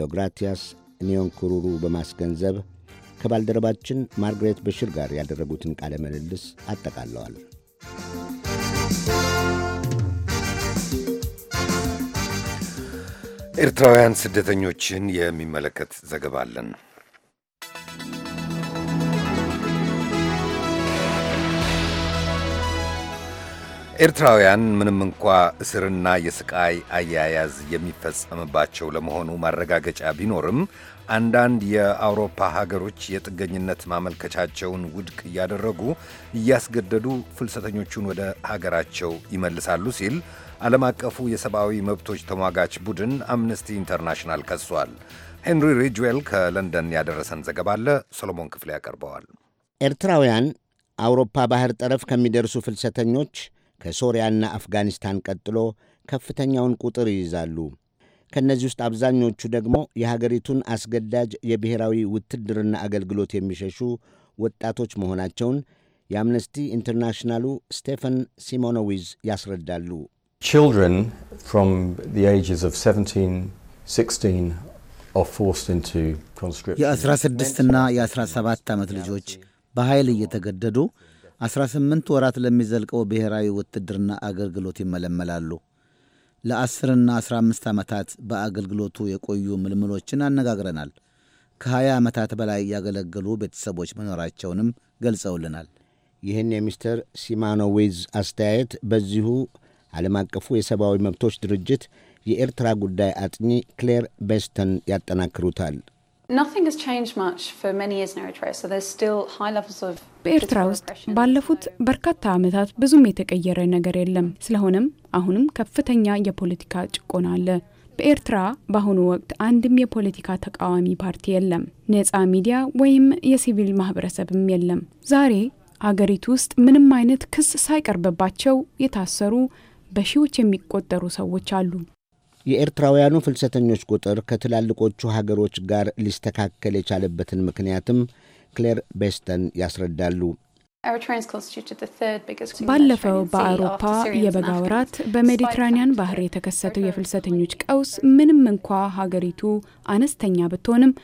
ዶግራቲያስ ኒዮንኩሩሩ በማስገንዘብ ከባልደረባችን ማርግሬት በሽር ጋር ያደረጉትን ቃለ ምልልስ አጠቃለዋል። ኤርትራውያን ስደተኞችን የሚመለከት ዘገባ አለን። ኤርትራውያን ምንም እንኳ እስርና የስቃይ አያያዝ የሚፈጸምባቸው ለመሆኑ ማረጋገጫ ቢኖርም አንዳንድ የአውሮፓ ሀገሮች የጥገኝነት ማመልከቻቸውን ውድቅ እያደረጉ እያስገደዱ ፍልሰተኞቹን ወደ ሀገራቸው ይመልሳሉ ሲል ዓለም አቀፉ የሰብአዊ መብቶች ተሟጋች ቡድን አምነስቲ ኢንተርናሽናል ከሷል። ሄንሪ ሪጅዌል ከለንደን ያደረሰን ዘገባ አለ። ሰሎሞን ክፍሌ ያቀርበዋል። ኤርትራውያን አውሮፓ ባህር ጠረፍ ከሚደርሱ ፍልሰተኞች ከሶሪያና አፍጋኒስታን ቀጥሎ ከፍተኛውን ቁጥር ይይዛሉ። ከእነዚህ ውስጥ አብዛኞቹ ደግሞ የሀገሪቱን አስገዳጅ የብሔራዊ ውትድርና አገልግሎት የሚሸሹ ወጣቶች መሆናቸውን የአምነስቲ ኢንተርናሽናሉ ስቴፈን ሲሞኖዊዝ ያስረዳሉ። Children from the ages of 17, 16 are forced into conscription. የ16 እና የ17 ዓመት ልጆች በኃይል እየተገደዱ 18 ወራት ለሚዘልቀው ብሔራዊ ውትድርና አገልግሎት ይመለመላሉ። ለ10ና 15 ዓመታት በአገልግሎቱ የቆዩ ምልምሎችን አነጋግረናል። ከ20 ዓመታት በላይ ያገለገሉ ቤተሰቦች መኖራቸውንም ገልጸውልናል። ይህን የሚስተር ሲማኖዊዝ አስተያየት በዚሁ ዓለም አቀፉ የሰብአዊ መብቶች ድርጅት የኤርትራ ጉዳይ አጥኚ ክሌር ቤስተን ያጠናክሩታል። በኤርትራ ውስጥ ባለፉት በርካታ ዓመታት ብዙም የተቀየረ ነገር የለም። ስለሆነም አሁንም ከፍተኛ የፖለቲካ ጭቆና አለ። በኤርትራ በአሁኑ ወቅት አንድም የፖለቲካ ተቃዋሚ ፓርቲ የለም። ነፃ ሚዲያ ወይም የሲቪል ማህበረሰብም የለም። ዛሬ ሀገሪቱ ውስጥ ምንም አይነት ክስ ሳይቀርብባቸው የታሰሩ በሺዎች የሚቆጠሩ ሰዎች አሉ። የኤርትራውያኑ ፍልሰተኞች ቁጥር ከትላልቆቹ ሀገሮች ጋር ሊስተካከል የቻለበትን ምክንያትም ክሌር ቤስተን ያስረዳሉ። ባለፈው በአውሮፓ የበጋ ወራት በሜዲትራኒያን ባህር የተከሰተው የፍልሰተኞች ቀውስ ምንም እንኳ ሀገሪቱ አነስተኛ ብትሆንም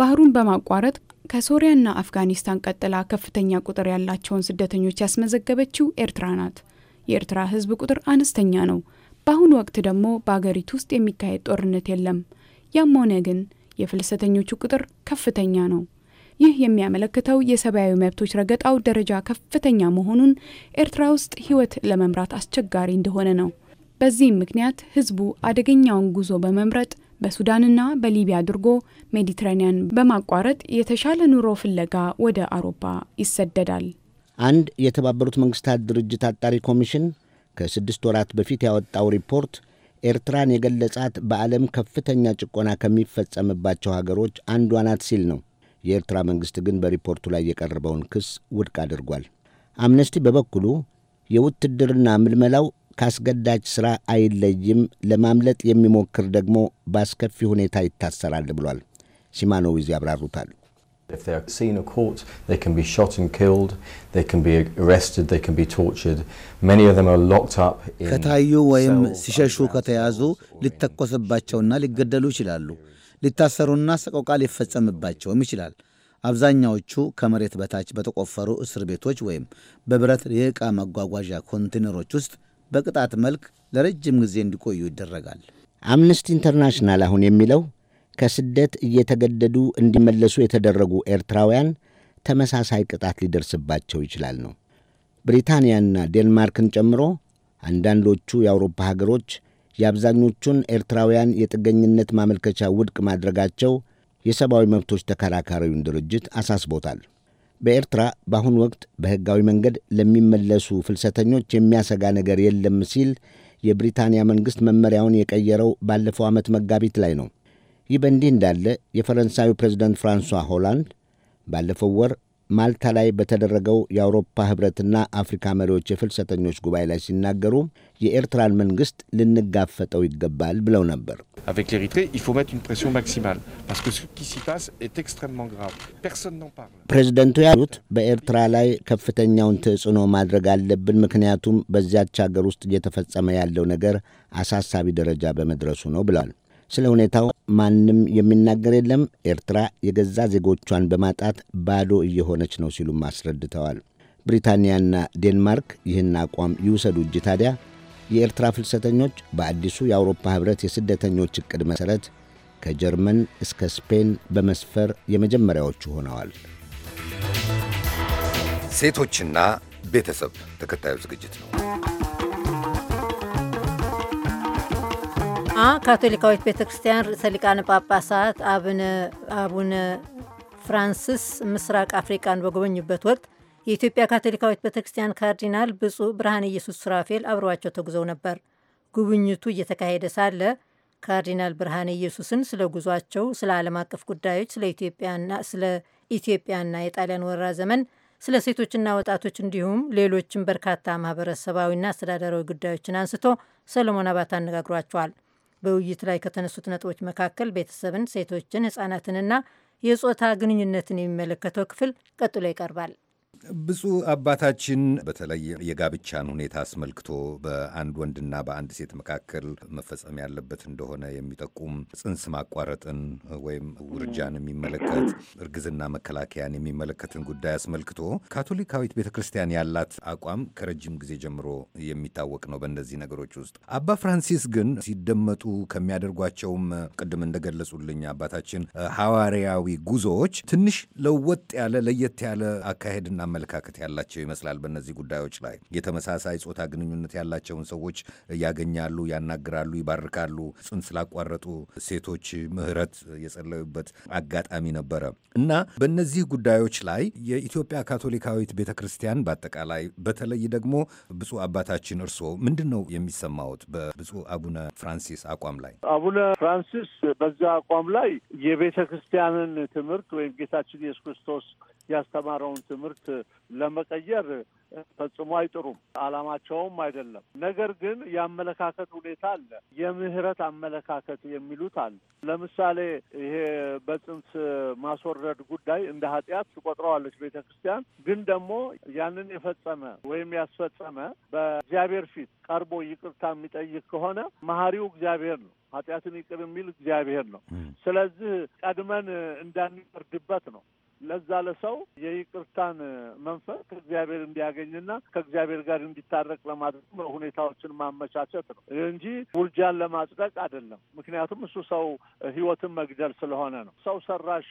ባህሩን በማቋረጥ ከሶሪያና አፍጋኒስታን ቀጥላ ከፍተኛ ቁጥር ያላቸውን ስደተኞች ያስመዘገበችው ኤርትራ ናት። የኤርትራ ህዝብ ቁጥር አነስተኛ ነው። በአሁኑ ወቅት ደግሞ በአገሪቱ ውስጥ የሚካሄድ ጦርነት የለም። ያም ሆነ ግን የፍልሰተኞቹ ቁጥር ከፍተኛ ነው። ይህ የሚያመለክተው የሰብአዊ መብቶች ረገጣው ደረጃ ከፍተኛ መሆኑን፣ ኤርትራ ውስጥ ህይወት ለመምራት አስቸጋሪ እንደሆነ ነው። በዚህም ምክንያት ህዝቡ አደገኛውን ጉዞ በመምረጥ በሱዳንና በሊቢያ አድርጎ ሜዲትራኒያን በማቋረጥ የተሻለ ኑሮ ፍለጋ ወደ አውሮፓ ይሰደዳል። አንድ የተባበሩት መንግሥታት ድርጅት አጣሪ ኮሚሽን ከስድስት ወራት በፊት ያወጣው ሪፖርት ኤርትራን የገለጻት በዓለም ከፍተኛ ጭቆና ከሚፈጸምባቸው ሀገሮች አንዷ ናት ሲል ነው። የኤርትራ መንግሥት ግን በሪፖርቱ ላይ የቀረበውን ክስ ውድቅ አድርጓል። አምነስቲ በበኩሉ የውትድርና ምልመላው ካስገዳጅ ሥራ አይለይም፣ ለማምለጥ የሚሞክር ደግሞ በአስከፊ ሁኔታ ይታሰራል ብሏል። ሲማኖዊዝ ያብራሩታል። If they are seen or caught, they can be shot and killed, they can be arrested, they can be tortured. Many of them are locked up in ከታዩ ወይም ሲሸሹ ከተያዙ ሊተኮስባቸውና ሊገደሉ ይችላሉ። ሊታሰሩና ሰቆቃ ሊፈጸምባቸውም ይችላል። አብዛኛዎቹ ከመሬት በታች በተቆፈሩ እስር ቤቶች ወይም በብረት የዕቃ ማጓጓዣ ኮንቴነሮች ውስጥ በቅጣት መልክ ለረጅም ጊዜ እንዲቆዩ ይደረጋል። አምነስቲ ኢንተርናሽናል አሁን የሚለው ከስደት እየተገደዱ እንዲመለሱ የተደረጉ ኤርትራውያን ተመሳሳይ ቅጣት ሊደርስባቸው ይችላል ነው። ብሪታንያና ዴንማርክን ጨምሮ አንዳንዶቹ የአውሮፓ ሀገሮች የአብዛኞቹን ኤርትራውያን የጥገኝነት ማመልከቻ ውድቅ ማድረጋቸው የሰብአዊ መብቶች ተከራካሪውን ድርጅት አሳስቦታል። በኤርትራ በአሁኑ ወቅት በሕጋዊ መንገድ ለሚመለሱ ፍልሰተኞች የሚያሰጋ ነገር የለም ሲል የብሪታንያ መንግሥት መመሪያውን የቀየረው ባለፈው ዓመት መጋቢት ላይ ነው። ይህ በእንዲህ እንዳለ የፈረንሳዩ ፕሬዚደንት ፍራንሷ ሆላንድ ባለፈው ወር ማልታ ላይ በተደረገው የአውሮፓ ኅብረትና አፍሪካ መሪዎች የፍልሰተኞች ጉባኤ ላይ ሲናገሩ የኤርትራን መንግሥት ልንጋፈጠው ይገባል ብለው ነበር። ፕሬዚደንቱ ያሉት በኤርትራ ላይ ከፍተኛውን ተጽዕኖ ማድረግ አለብን፣ ምክንያቱም በዚያች አገር ውስጥ እየተፈጸመ ያለው ነገር አሳሳቢ ደረጃ በመድረሱ ነው ብለዋል። ስለ ሁኔታው ማንም የሚናገር የለም። ኤርትራ የገዛ ዜጎቿን በማጣት ባዶ እየሆነች ነው ሲሉም አስረድተዋል። ብሪታንያና ዴንማርክ ይህን አቋም ይውሰዱ እጅ ታዲያ የኤርትራ ፍልሰተኞች በአዲሱ የአውሮፓ ኅብረት የስደተኞች ዕቅድ መሠረት ከጀርመን እስከ ስፔን በመስፈር የመጀመሪያዎቹ ሆነዋል። ሴቶችና ቤተሰብ ተከታዩ ዝግጅት ነው። ካቶሊካዊት ቤተ ክርስቲያን ርእሰ ሊቃነ ጳጳሳት አቡነ ፍራንሲስ ምስራቅ አፍሪቃን በጎበኙበት ወቅት የኢትዮጵያ ካቶሊካዊት ቤተ ክርስቲያን ካርዲናል ብፁዕ ብርሃነ ኢየሱስ ሱራፌል አብረዋቸው ተጉዘው ነበር። ጉብኝቱ እየተካሄደ ሳለ ካርዲናል ብርሃነ ኢየሱስን ስለ ጉዟቸው፣ ስለ ዓለም አቀፍ ጉዳዮች፣ ስለ ኢትዮጵያና የጣሊያን ወረራ ዘመን፣ ስለ ሴቶችና ወጣቶች እንዲሁም ሌሎችም በርካታ ማህበረሰባዊና አስተዳደራዊ ጉዳዮችን አንስቶ ሰለሞን አባት አነጋግሯቸዋል። በውይይት ላይ ከተነሱት ነጥቦች መካከል ቤተሰብን፣ ሴቶችን፣ ህጻናትንና የጾታ ግንኙነትን የሚመለከተው ክፍል ቀጥሎ ይቀርባል። ብፁዕ አባታችን በተለይ የጋብቻን ሁኔታ አስመልክቶ በአንድ ወንድና በአንድ ሴት መካከል መፈጸም ያለበት እንደሆነ የሚጠቁም ጽንስ ማቋረጥን ወይም ውርጃን የሚመለከት እርግዝና መከላከያን የሚመለከትን ጉዳይ አስመልክቶ ካቶሊካዊት ቤተ ክርስቲያን ያላት አቋም ከረጅም ጊዜ ጀምሮ የሚታወቅ ነው በእነዚህ ነገሮች ውስጥ። አባ ፍራንሲስ ግን ሲደመጡ ከሚያደርጓቸውም ቅድም እንደገለጹልኝ አባታችን ሐዋርያዊ ጉዞዎች ትንሽ ለወጥ ያለ ለየት ያለ አካሄድና አመለካከት ያላቸው ይመስላል። በእነዚህ ጉዳዮች ላይ የተመሳሳይ ጾታ ግንኙነት ያላቸውን ሰዎች ያገኛሉ፣ ያናግራሉ፣ ይባርካሉ። ጽንስ ስላቋረጡ ሴቶች ምህረት የጸለዩበት አጋጣሚ ነበረ እና በእነዚህ ጉዳዮች ላይ የኢትዮጵያ ካቶሊካዊት ቤተ ክርስቲያን በአጠቃላይ በተለይ ደግሞ ብፁዕ አባታችን እርስዎ ምንድን ነው የሚሰማዎት በብፁዕ አቡነ ፍራንሲስ አቋም ላይ? አቡነ ፍራንሲስ በዛ አቋም ላይ የቤተ ክርስቲያንን ትምህርት ወይም ጌታችን ኢየሱስ ክርስቶስ ያስተማረውን ትምህርት ለመቀየር ፈጽሞ አይጥሩም። አላማቸውም አይደለም። ነገር ግን የአመለካከት ሁኔታ አለ። የምህረት አመለካከት የሚሉት አለ። ለምሳሌ ይሄ በጽንስ ማስወረድ ጉዳይ እንደ ኃጢአት ትቆጥረዋለች ቤተ ክርስቲያን። ግን ደግሞ ያንን የፈጸመ ወይም ያስፈጸመ በእግዚአብሔር ፊት ቀርቦ ይቅርታ የሚጠይቅ ከሆነ መሀሪው እግዚአብሔር ነው። ኃጢአትን ይቅር የሚል እግዚአብሔር ነው። ስለዚህ ቀድመን እንዳንፈርድበት ነው ለዛ ለሰው የይቅርታን መንፈስ ከእግዚአብሔር እንዲያገኝና ከእግዚአብሔር ጋር እንዲታረቅ ለማድረግ ነው ሁኔታዎችን ማመቻቸት ነው እንጂ ውርጃን ለማጽደቅ አይደለም። ምክንያቱም እሱ ሰው ህይወትን መግደል ስለሆነ ነው። ሰው ሰራሽ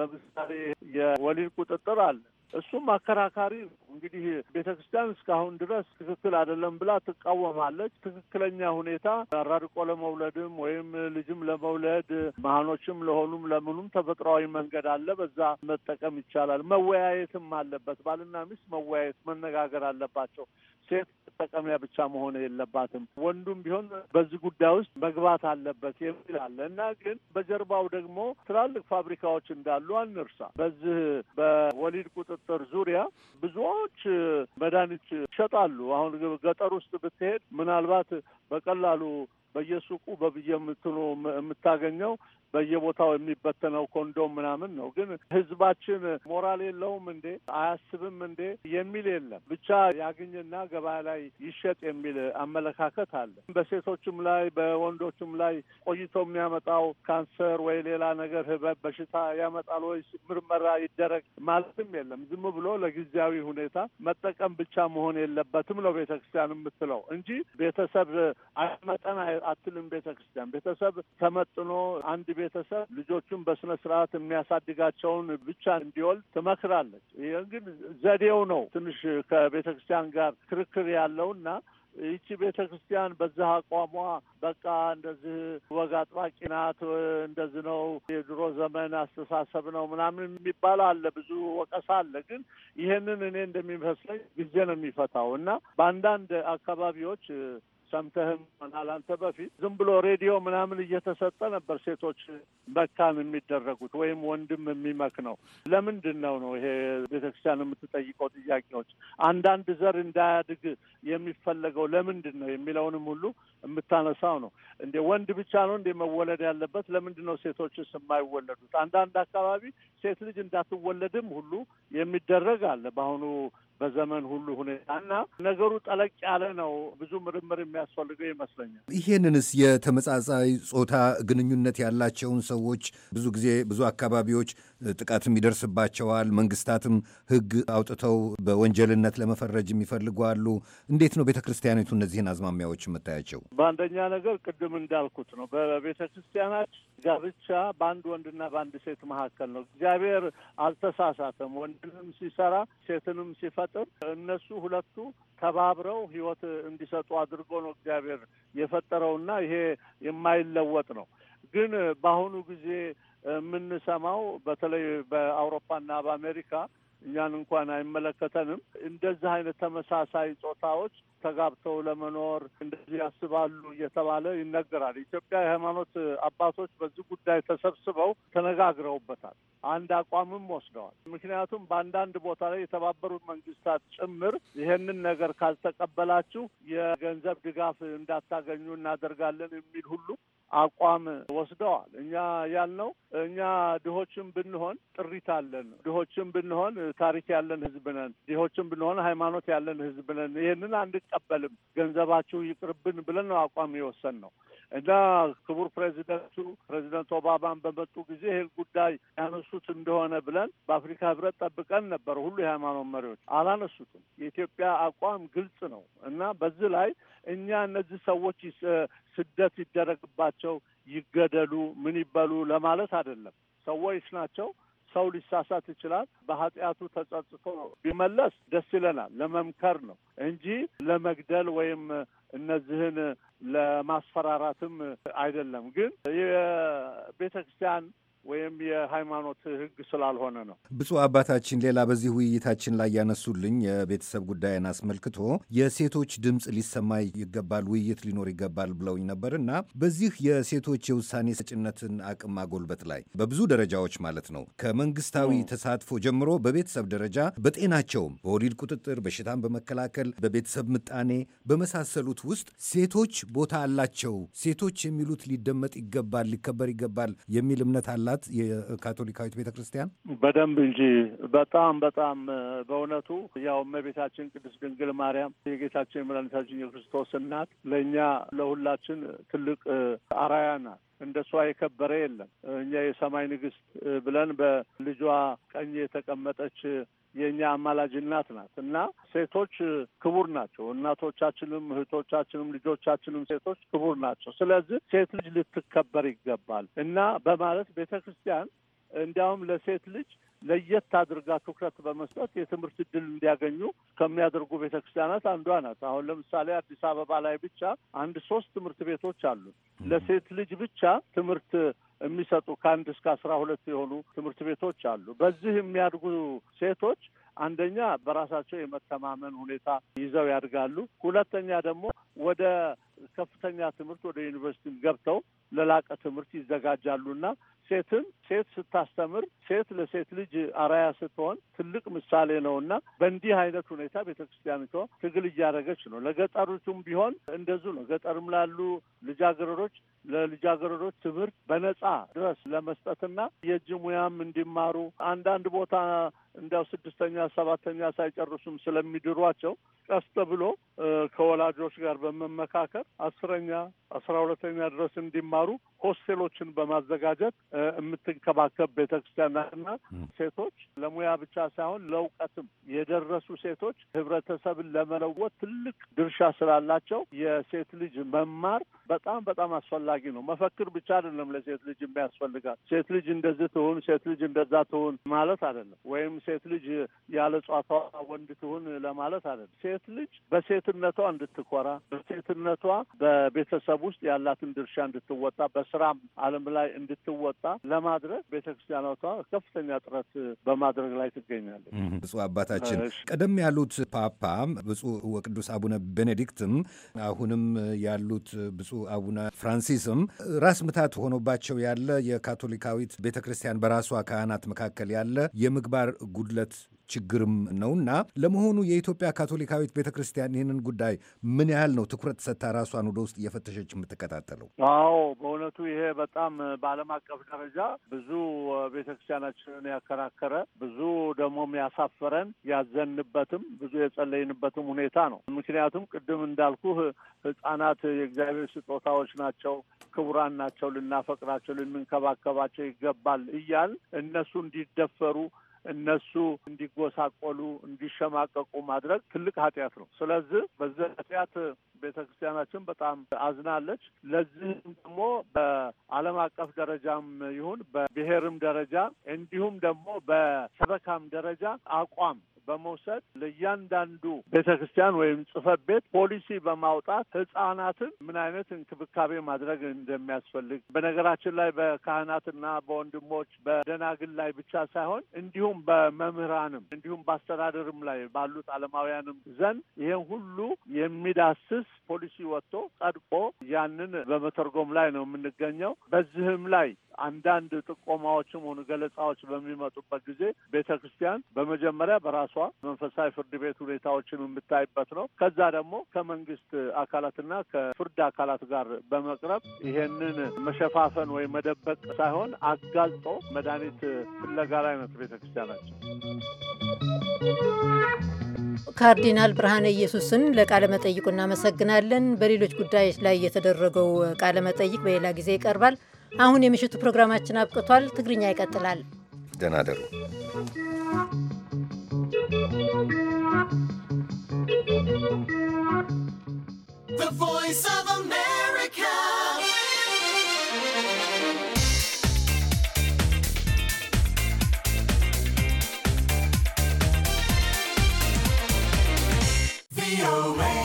ለምሳሌ የወሊድ ቁጥጥር አለ። እሱም አከራካሪ እንግዲህ ቤተ ክርስቲያን እስካሁን ድረስ ትክክል አይደለም ብላ ትቃወማለች። ትክክለኛ ሁኔታ አራርቆ ለመውለድም ወይም ልጅም ለመውለድ መሀኖችም ለሆኑም ለምኑም ተፈጥሯዊ መንገድ አለ። በዛ መጠቀም ይቻላል። መወያየትም አለበት። ባልና ሚስት መወያየት፣ መነጋገር አለባቸው። ሴት መጠቀሚያ ብቻ መሆን የለባትም። ወንዱም ቢሆን በዚህ ጉዳይ ውስጥ መግባት አለበት የሚል አለ እና ግን በጀርባው ደግሞ ትላልቅ ፋብሪካዎች እንዳሉ አንርሳ። በዚህ በወሊድ ቁጥጥር ቁጥጥር ዙሪያ ብዙዎች መድኃኒት ይሸጣሉ። አሁን ገጠር ውስጥ ብትሄድ ምናልባት በቀላሉ በየሱቁ በብዬ የምትኖ የምታገኘው በየቦታው የሚበተነው ኮንዶም ምናምን ነው። ግን ህዝባችን ሞራል የለውም እንዴ አያስብም እንዴ የሚል የለም። ብቻ ያግኝና ገበያ ላይ ይሸጥ የሚል አመለካከት አለ። በሴቶችም ላይ በወንዶችም ላይ ቆይቶ የሚያመጣው ካንሰር ወይ ሌላ ነገር ህበት በሽታ ያመጣል ወይ ምርመራ ይደረግ ማለትም የለም። ዝም ብሎ ለጊዜያዊ ሁኔታ መጠቀም ብቻ መሆን የለበትም ነው ቤተ ክርስቲያን የምትለው እንጂ ቤተሰብ አይመጠን አትልም። ቤተ ክርስቲያን ቤተሰብ ተመጥኖ አንድ ቤተሰብ ልጆቹን በስነ ስርዓት የሚያሳድጋቸውን ብቻ እንዲወልድ ትመክራለች። ይህን ግን ዘዴው ነው ትንሽ ከቤተ ክርስቲያን ጋር ክርክር ያለው እና ይቺ ቤተ ክርስቲያን በዛ አቋሟ በቃ እንደዚህ ወግ አጥባቂ ናት፣ እንደዚህ ነው የድሮ ዘመን አስተሳሰብ ነው ምናምን የሚባል አለ፣ ብዙ ወቀሳ አለ። ግን ይሄንን እኔ እንደሚመስለኝ ጊዜ ነው የሚፈታው እና በአንዳንድ አካባቢዎች ሰምተህም ምናል አንተ በፊት ዝም ብሎ ሬዲዮ ምናምን እየተሰጠ ነበር ሴቶች መካን የሚደረጉት ወይም ወንድም የሚመክነው ለምንድን ነው ነው ይሄ ቤተክርስቲያን የምትጠይቀው ጥያቄዎች አንዳንድ ዘር እንዳያድግ የሚፈለገው ለምንድን ነው የሚለውንም ሁሉ የምታነሳው ነው እንደ ወንድ ብቻ ነው እንደ መወለድ ያለበት ለምንድን ነው ሴቶችስ የማይወለዱት አንዳንድ አካባቢ ሴት ልጅ እንዳትወለድም ሁሉ የሚደረግ አለ በአሁኑ በዘመን ሁሉ ሁኔታ እና ነገሩ ጠለቅ ያለ ነው። ብዙ ምርምር የሚያስፈልገው ይመስለኛል። ይሄንንስ የተመጻጻይ ጾታ ግንኙነት ያላቸውን ሰዎች ብዙ ጊዜ ብዙ አካባቢዎች ጥቃትም ይደርስባቸዋል። መንግስታትም ህግ አውጥተው በወንጀልነት ለመፈረጅ የሚፈልጉ አሉ። እንዴት ነው ቤተ ክርስቲያኒቱ እነዚህን አዝማሚያዎች የምታያቸው? በአንደኛ ነገር ቅድም እንዳልኩት ነው። በቤተ ክርስቲያናት ጋብቻ በአንድ ወንድና በአንድ ሴት መካከል ነው። እግዚአብሔር አልተሳሳተም። ወንድንም ሲሰራ ሴትንም ሲፈጥር እነሱ ሁለቱ ተባብረው ህይወት እንዲሰጡ አድርጎ ነው እግዚአብሔር የፈጠረውና ይሄ የማይለወጥ ነው። ግን በአሁኑ ጊዜ የምንሰማው በተለይ በአውሮፓና በአሜሪካ እኛን እንኳን አይመለከተንም። እንደዚህ አይነት ተመሳሳይ ጾታዎች ተጋብተው ለመኖር እንደዚህ ያስባሉ እየተባለ ይነገራል። ኢትዮጵያ የሃይማኖት አባቶች በዚህ ጉዳይ ተሰብስበው ተነጋግረውበታል፣ አንድ አቋምም ወስደዋል። ምክንያቱም በአንዳንድ ቦታ ላይ የተባበሩት መንግስታት ጭምር ይሄንን ነገር ካልተቀበላችሁ የገንዘብ ድጋፍ እንዳታገኙ እናደርጋለን የሚል ሁሉ አቋም ወስደዋል። እኛ ያልነው እኛ ድሆችም ብንሆን ጥሪት አለን፣ ድሆችም ብንሆን ታሪክ ያለን ህዝብ ነን፣ ድሆችም ብንሆን ሃይማኖት ያለን ህዝብ ነን። ይህንን አንቀበልም፣ ገንዘባችሁ ይቅርብን ብለን ነው አቋም የወሰን ነው። እና ክቡር ፕሬዚደንቱ ፕሬዚደንት ኦባማን በመጡ ጊዜ ይህን ጉዳይ ያነሱት እንደሆነ ብለን በአፍሪካ ህብረት ጠብቀን ነበር። ሁሉ የሃይማኖት መሪዎች አላነሱትም። የኢትዮጵያ አቋም ግልጽ ነው እና በዚህ ላይ እኛ እነዚህ ሰዎች ስደት ይደረግባቸው፣ ይገደሉ፣ ምን ይበሉ ለማለት አይደለም። ሰዎች ናቸው። ሰው ሊሳሳት ይችላል። በኃጢአቱ ተጸጽቶ ቢመለስ ደስ ይለናል። ለመምከር ነው እንጂ ለመግደል ወይም እነዚህን ለማስፈራራትም አይደለም። ግን የቤተ ክርስቲያን ወይም የሃይማኖት ህግ ስላልሆነ ነው። ብፁዕ አባታችን ሌላ በዚህ ውይይታችን ላይ ያነሱልኝ የቤተሰብ ጉዳይን አስመልክቶ የሴቶች ድምፅ ሊሰማ ይገባል፣ ውይይት ሊኖር ይገባል ብለውኝ ነበር እና በዚህ የሴቶች የውሳኔ ሰጭነትን አቅም ማጎልበት ላይ በብዙ ደረጃዎች ማለት ነው ከመንግስታዊ ተሳትፎ ጀምሮ በቤተሰብ ደረጃ በጤናቸውም፣ በወሊድ ቁጥጥር፣ በሽታን በመከላከል በቤተሰብ ምጣኔ በመሳሰሉት ውስጥ ሴቶች ቦታ አላቸው፣ ሴቶች የሚሉት ሊደመጥ ይገባል፣ ሊከበር ይገባል የሚል እምነት አላ አላት የካቶሊካዊት ቤተ ክርስቲያን በደንብ እንጂ በጣም በጣም በእውነቱ ያው እመቤታችን ቅድስት ድንግል ማርያም የጌታችን መድኃኒታችን የክርስቶስ እናት ለእኛ ለሁላችን ትልቅ አራያ ናት። እንደ እሷ የከበረ የለም። እኛ የሰማይ ንግስት ብለን በልጇ ቀኝ የተቀመጠች የእኛ አማላጅ እናት ናት እና ሴቶች ክቡር ናቸው። እናቶቻችንም፣ እህቶቻችንም፣ ልጆቻችንም ሴቶች ክቡር ናቸው። ስለዚህ ሴት ልጅ ልትከበር ይገባል እና በማለት ቤተ ክርስቲያን እንዲያውም ለሴት ልጅ ለየት አድርጋ ትኩረት በመስጠት የትምህርት እድል እንዲያገኙ ከሚያደርጉ ቤተ ክርስቲያናት አንዷ ናት። አሁን ለምሳሌ አዲስ አበባ ላይ ብቻ አንድ ሶስት ትምህርት ቤቶች አሉ ለሴት ልጅ ብቻ ትምህርት የሚሰጡ ከአንድ እስከ አስራ ሁለት የሆኑ ትምህርት ቤቶች አሉ። በዚህ የሚያድጉ ሴቶች አንደኛ በራሳቸው የመተማመን ሁኔታ ይዘው ያድጋሉ። ሁለተኛ ደግሞ ወደ ከፍተኛ ትምህርት ወደ ዩኒቨርሲቲ ገብተው ለላቀ ትምህርት ይዘጋጃሉና ሴትን ሴት ስታስተምር ሴት ለሴት ልጅ አራያ ስትሆን ትልቅ ምሳሌ ነው እና በእንዲህ አይነት ሁኔታ ቤተ ክርስቲያኒቷ ትግል እያደረገች ነው። ለገጠሮቹም ቢሆን እንደዙ ነው። ገጠርም ላሉ ልጃገረዶች ለልጃገረዶች ትምህርት በነጻ ድረስ ለመስጠትና የእጅ ሙያም እንዲማሩ አንዳንድ ቦታ እንዲያው ስድስተኛ ሰባተኛ ሳይጨርሱም ስለሚድሯቸው ቀስ ተብሎ ከወላጆች ጋር በመመካከር አስረኛ አስራ ሁለተኛ ድረስ እንዲማሩ ሆስቴሎችን በማዘጋጀት የምትንከባከብ ቤተክርስቲያን ናትና ሴቶች ለሙያ ብቻ ሳይሆን ለእውቀትም የደረሱ ሴቶች ህብረተሰብን ለመለወጥ ትልቅ ድርሻ ስላላቸው የሴት ልጅ መማር በጣም በጣም አስፈላጊ ነው። መፈክር ብቻ አይደለም ለሴት ልጅ የሚያስፈልጋል። ሴት ልጅ እንደዚህ ትሁን፣ ሴት ልጅ እንደዛ ትሁን ማለት አይደለም። ወይም ሴት ልጅ ያለ ጿቷ ወንድ ትሁን ለማለት አይደለም። ሴት ልጅ በሴትነቷ እንድትኮራ፣ በሴትነቷ በቤተሰብ ውስጥ ያላትን ድርሻ እንድትወጣ፣ በስራም አለም ላይ እንድትወጣ ለማድረግ ቤተክርስቲያናቷ ከፍተኛ ጥረት በማድረግ ላይ ትገኛለች። ብፁዕ አባታችን ቀደም ያሉት ፓፓ ብፁዕ ወቅዱስ አቡነ ቤኔዲክትም አሁንም ያሉት ብፁዕ አቡነ ፍራንሲስም ራስ ምታት ሆኖባቸው ያለ የካቶሊካዊት ቤተክርስቲያን በራሷ ካህናት መካከል ያለ የምግባር ጉድለት ችግርም ነውና ለመሆኑ የኢትዮጵያ ካቶሊካዊት ቤተ ክርስቲያን ይህንን ጉዳይ ምን ያህል ነው ትኩረት ሰጥታ ራሷን ወደ ውስጥ እየፈተሸች የምትከታተለው? አዎ በእውነቱ ይሄ በጣም በዓለም አቀፍ ደረጃ ብዙ ቤተ ክርስቲያናችንን ያከራከረ ብዙ ደግሞም ያሳፈረን ያዘንበትም ብዙ የጸለይንበትም ሁኔታ ነው። ምክንያቱም ቅድም እንዳልኩህ ህጻናት የእግዚአብሔር ስጦታዎች ናቸው፣ ክቡራን ናቸው፣ ልናፈቅራቸው፣ ልንንከባከባቸው ይገባል እያል እነሱ እንዲደፈሩ እነሱ እንዲጎሳቆሉ እንዲሸማቀቁ ማድረግ ትልቅ ኃጢአት ነው። ስለዚህ በዚህ ኃጢአት ቤተ ክርስቲያናችን በጣም አዝናለች። ለዚህም ደግሞ በዓለም አቀፍ ደረጃም ይሁን በብሔርም ደረጃ እንዲሁም ደግሞ በሰበካም ደረጃ አቋም በመውሰድ ለእያንዳንዱ ቤተ ክርስቲያን ወይም ጽሕፈት ቤት ፖሊሲ በማውጣት ህጻናትን ምን አይነት እንክብካቤ ማድረግ እንደሚያስፈልግ በነገራችን ላይ በካህናትና በወንድሞች በደናግል ላይ ብቻ ሳይሆን እንዲሁም በመምህራንም እንዲሁም በአስተዳደርም ላይ ባሉት አለማውያንም ዘንድ ይህን ሁሉ የሚዳስስ ፖሊሲ ወጥቶ ጸድቆ ያንን በመተርጎም ላይ ነው የምንገኘው። በዚህም ላይ አንዳንድ ጥቆማዎችም ሆኑ ገለጻዎች በሚመጡበት ጊዜ ቤተ ክርስቲያን በመጀመሪያ በራሷ መንፈሳዊ ፍርድ ቤት ሁኔታዎችን የምታይበት ነው። ከዛ ደግሞ ከመንግስት አካላትና ከፍርድ አካላት ጋር በመቅረብ ይሄንን መሸፋፈን ወይም መደበቅ ሳይሆን አጋልጦ መድኃኒት ፍለጋ ላይ ናት ቤተ ክርስቲያናችን። ካርዲናል ብርሃነ ኢየሱስን ለቃለ መጠይቁ እናመሰግናለን። በሌሎች ጉዳዮች ላይ የተደረገው ቃለ መጠይቅ በሌላ ጊዜ ይቀርባል። አሁን የምሽቱ ፕሮግራማችን አብቅቷል። ትግርኛ ይቀጥላል። ደህና ደሩ። away.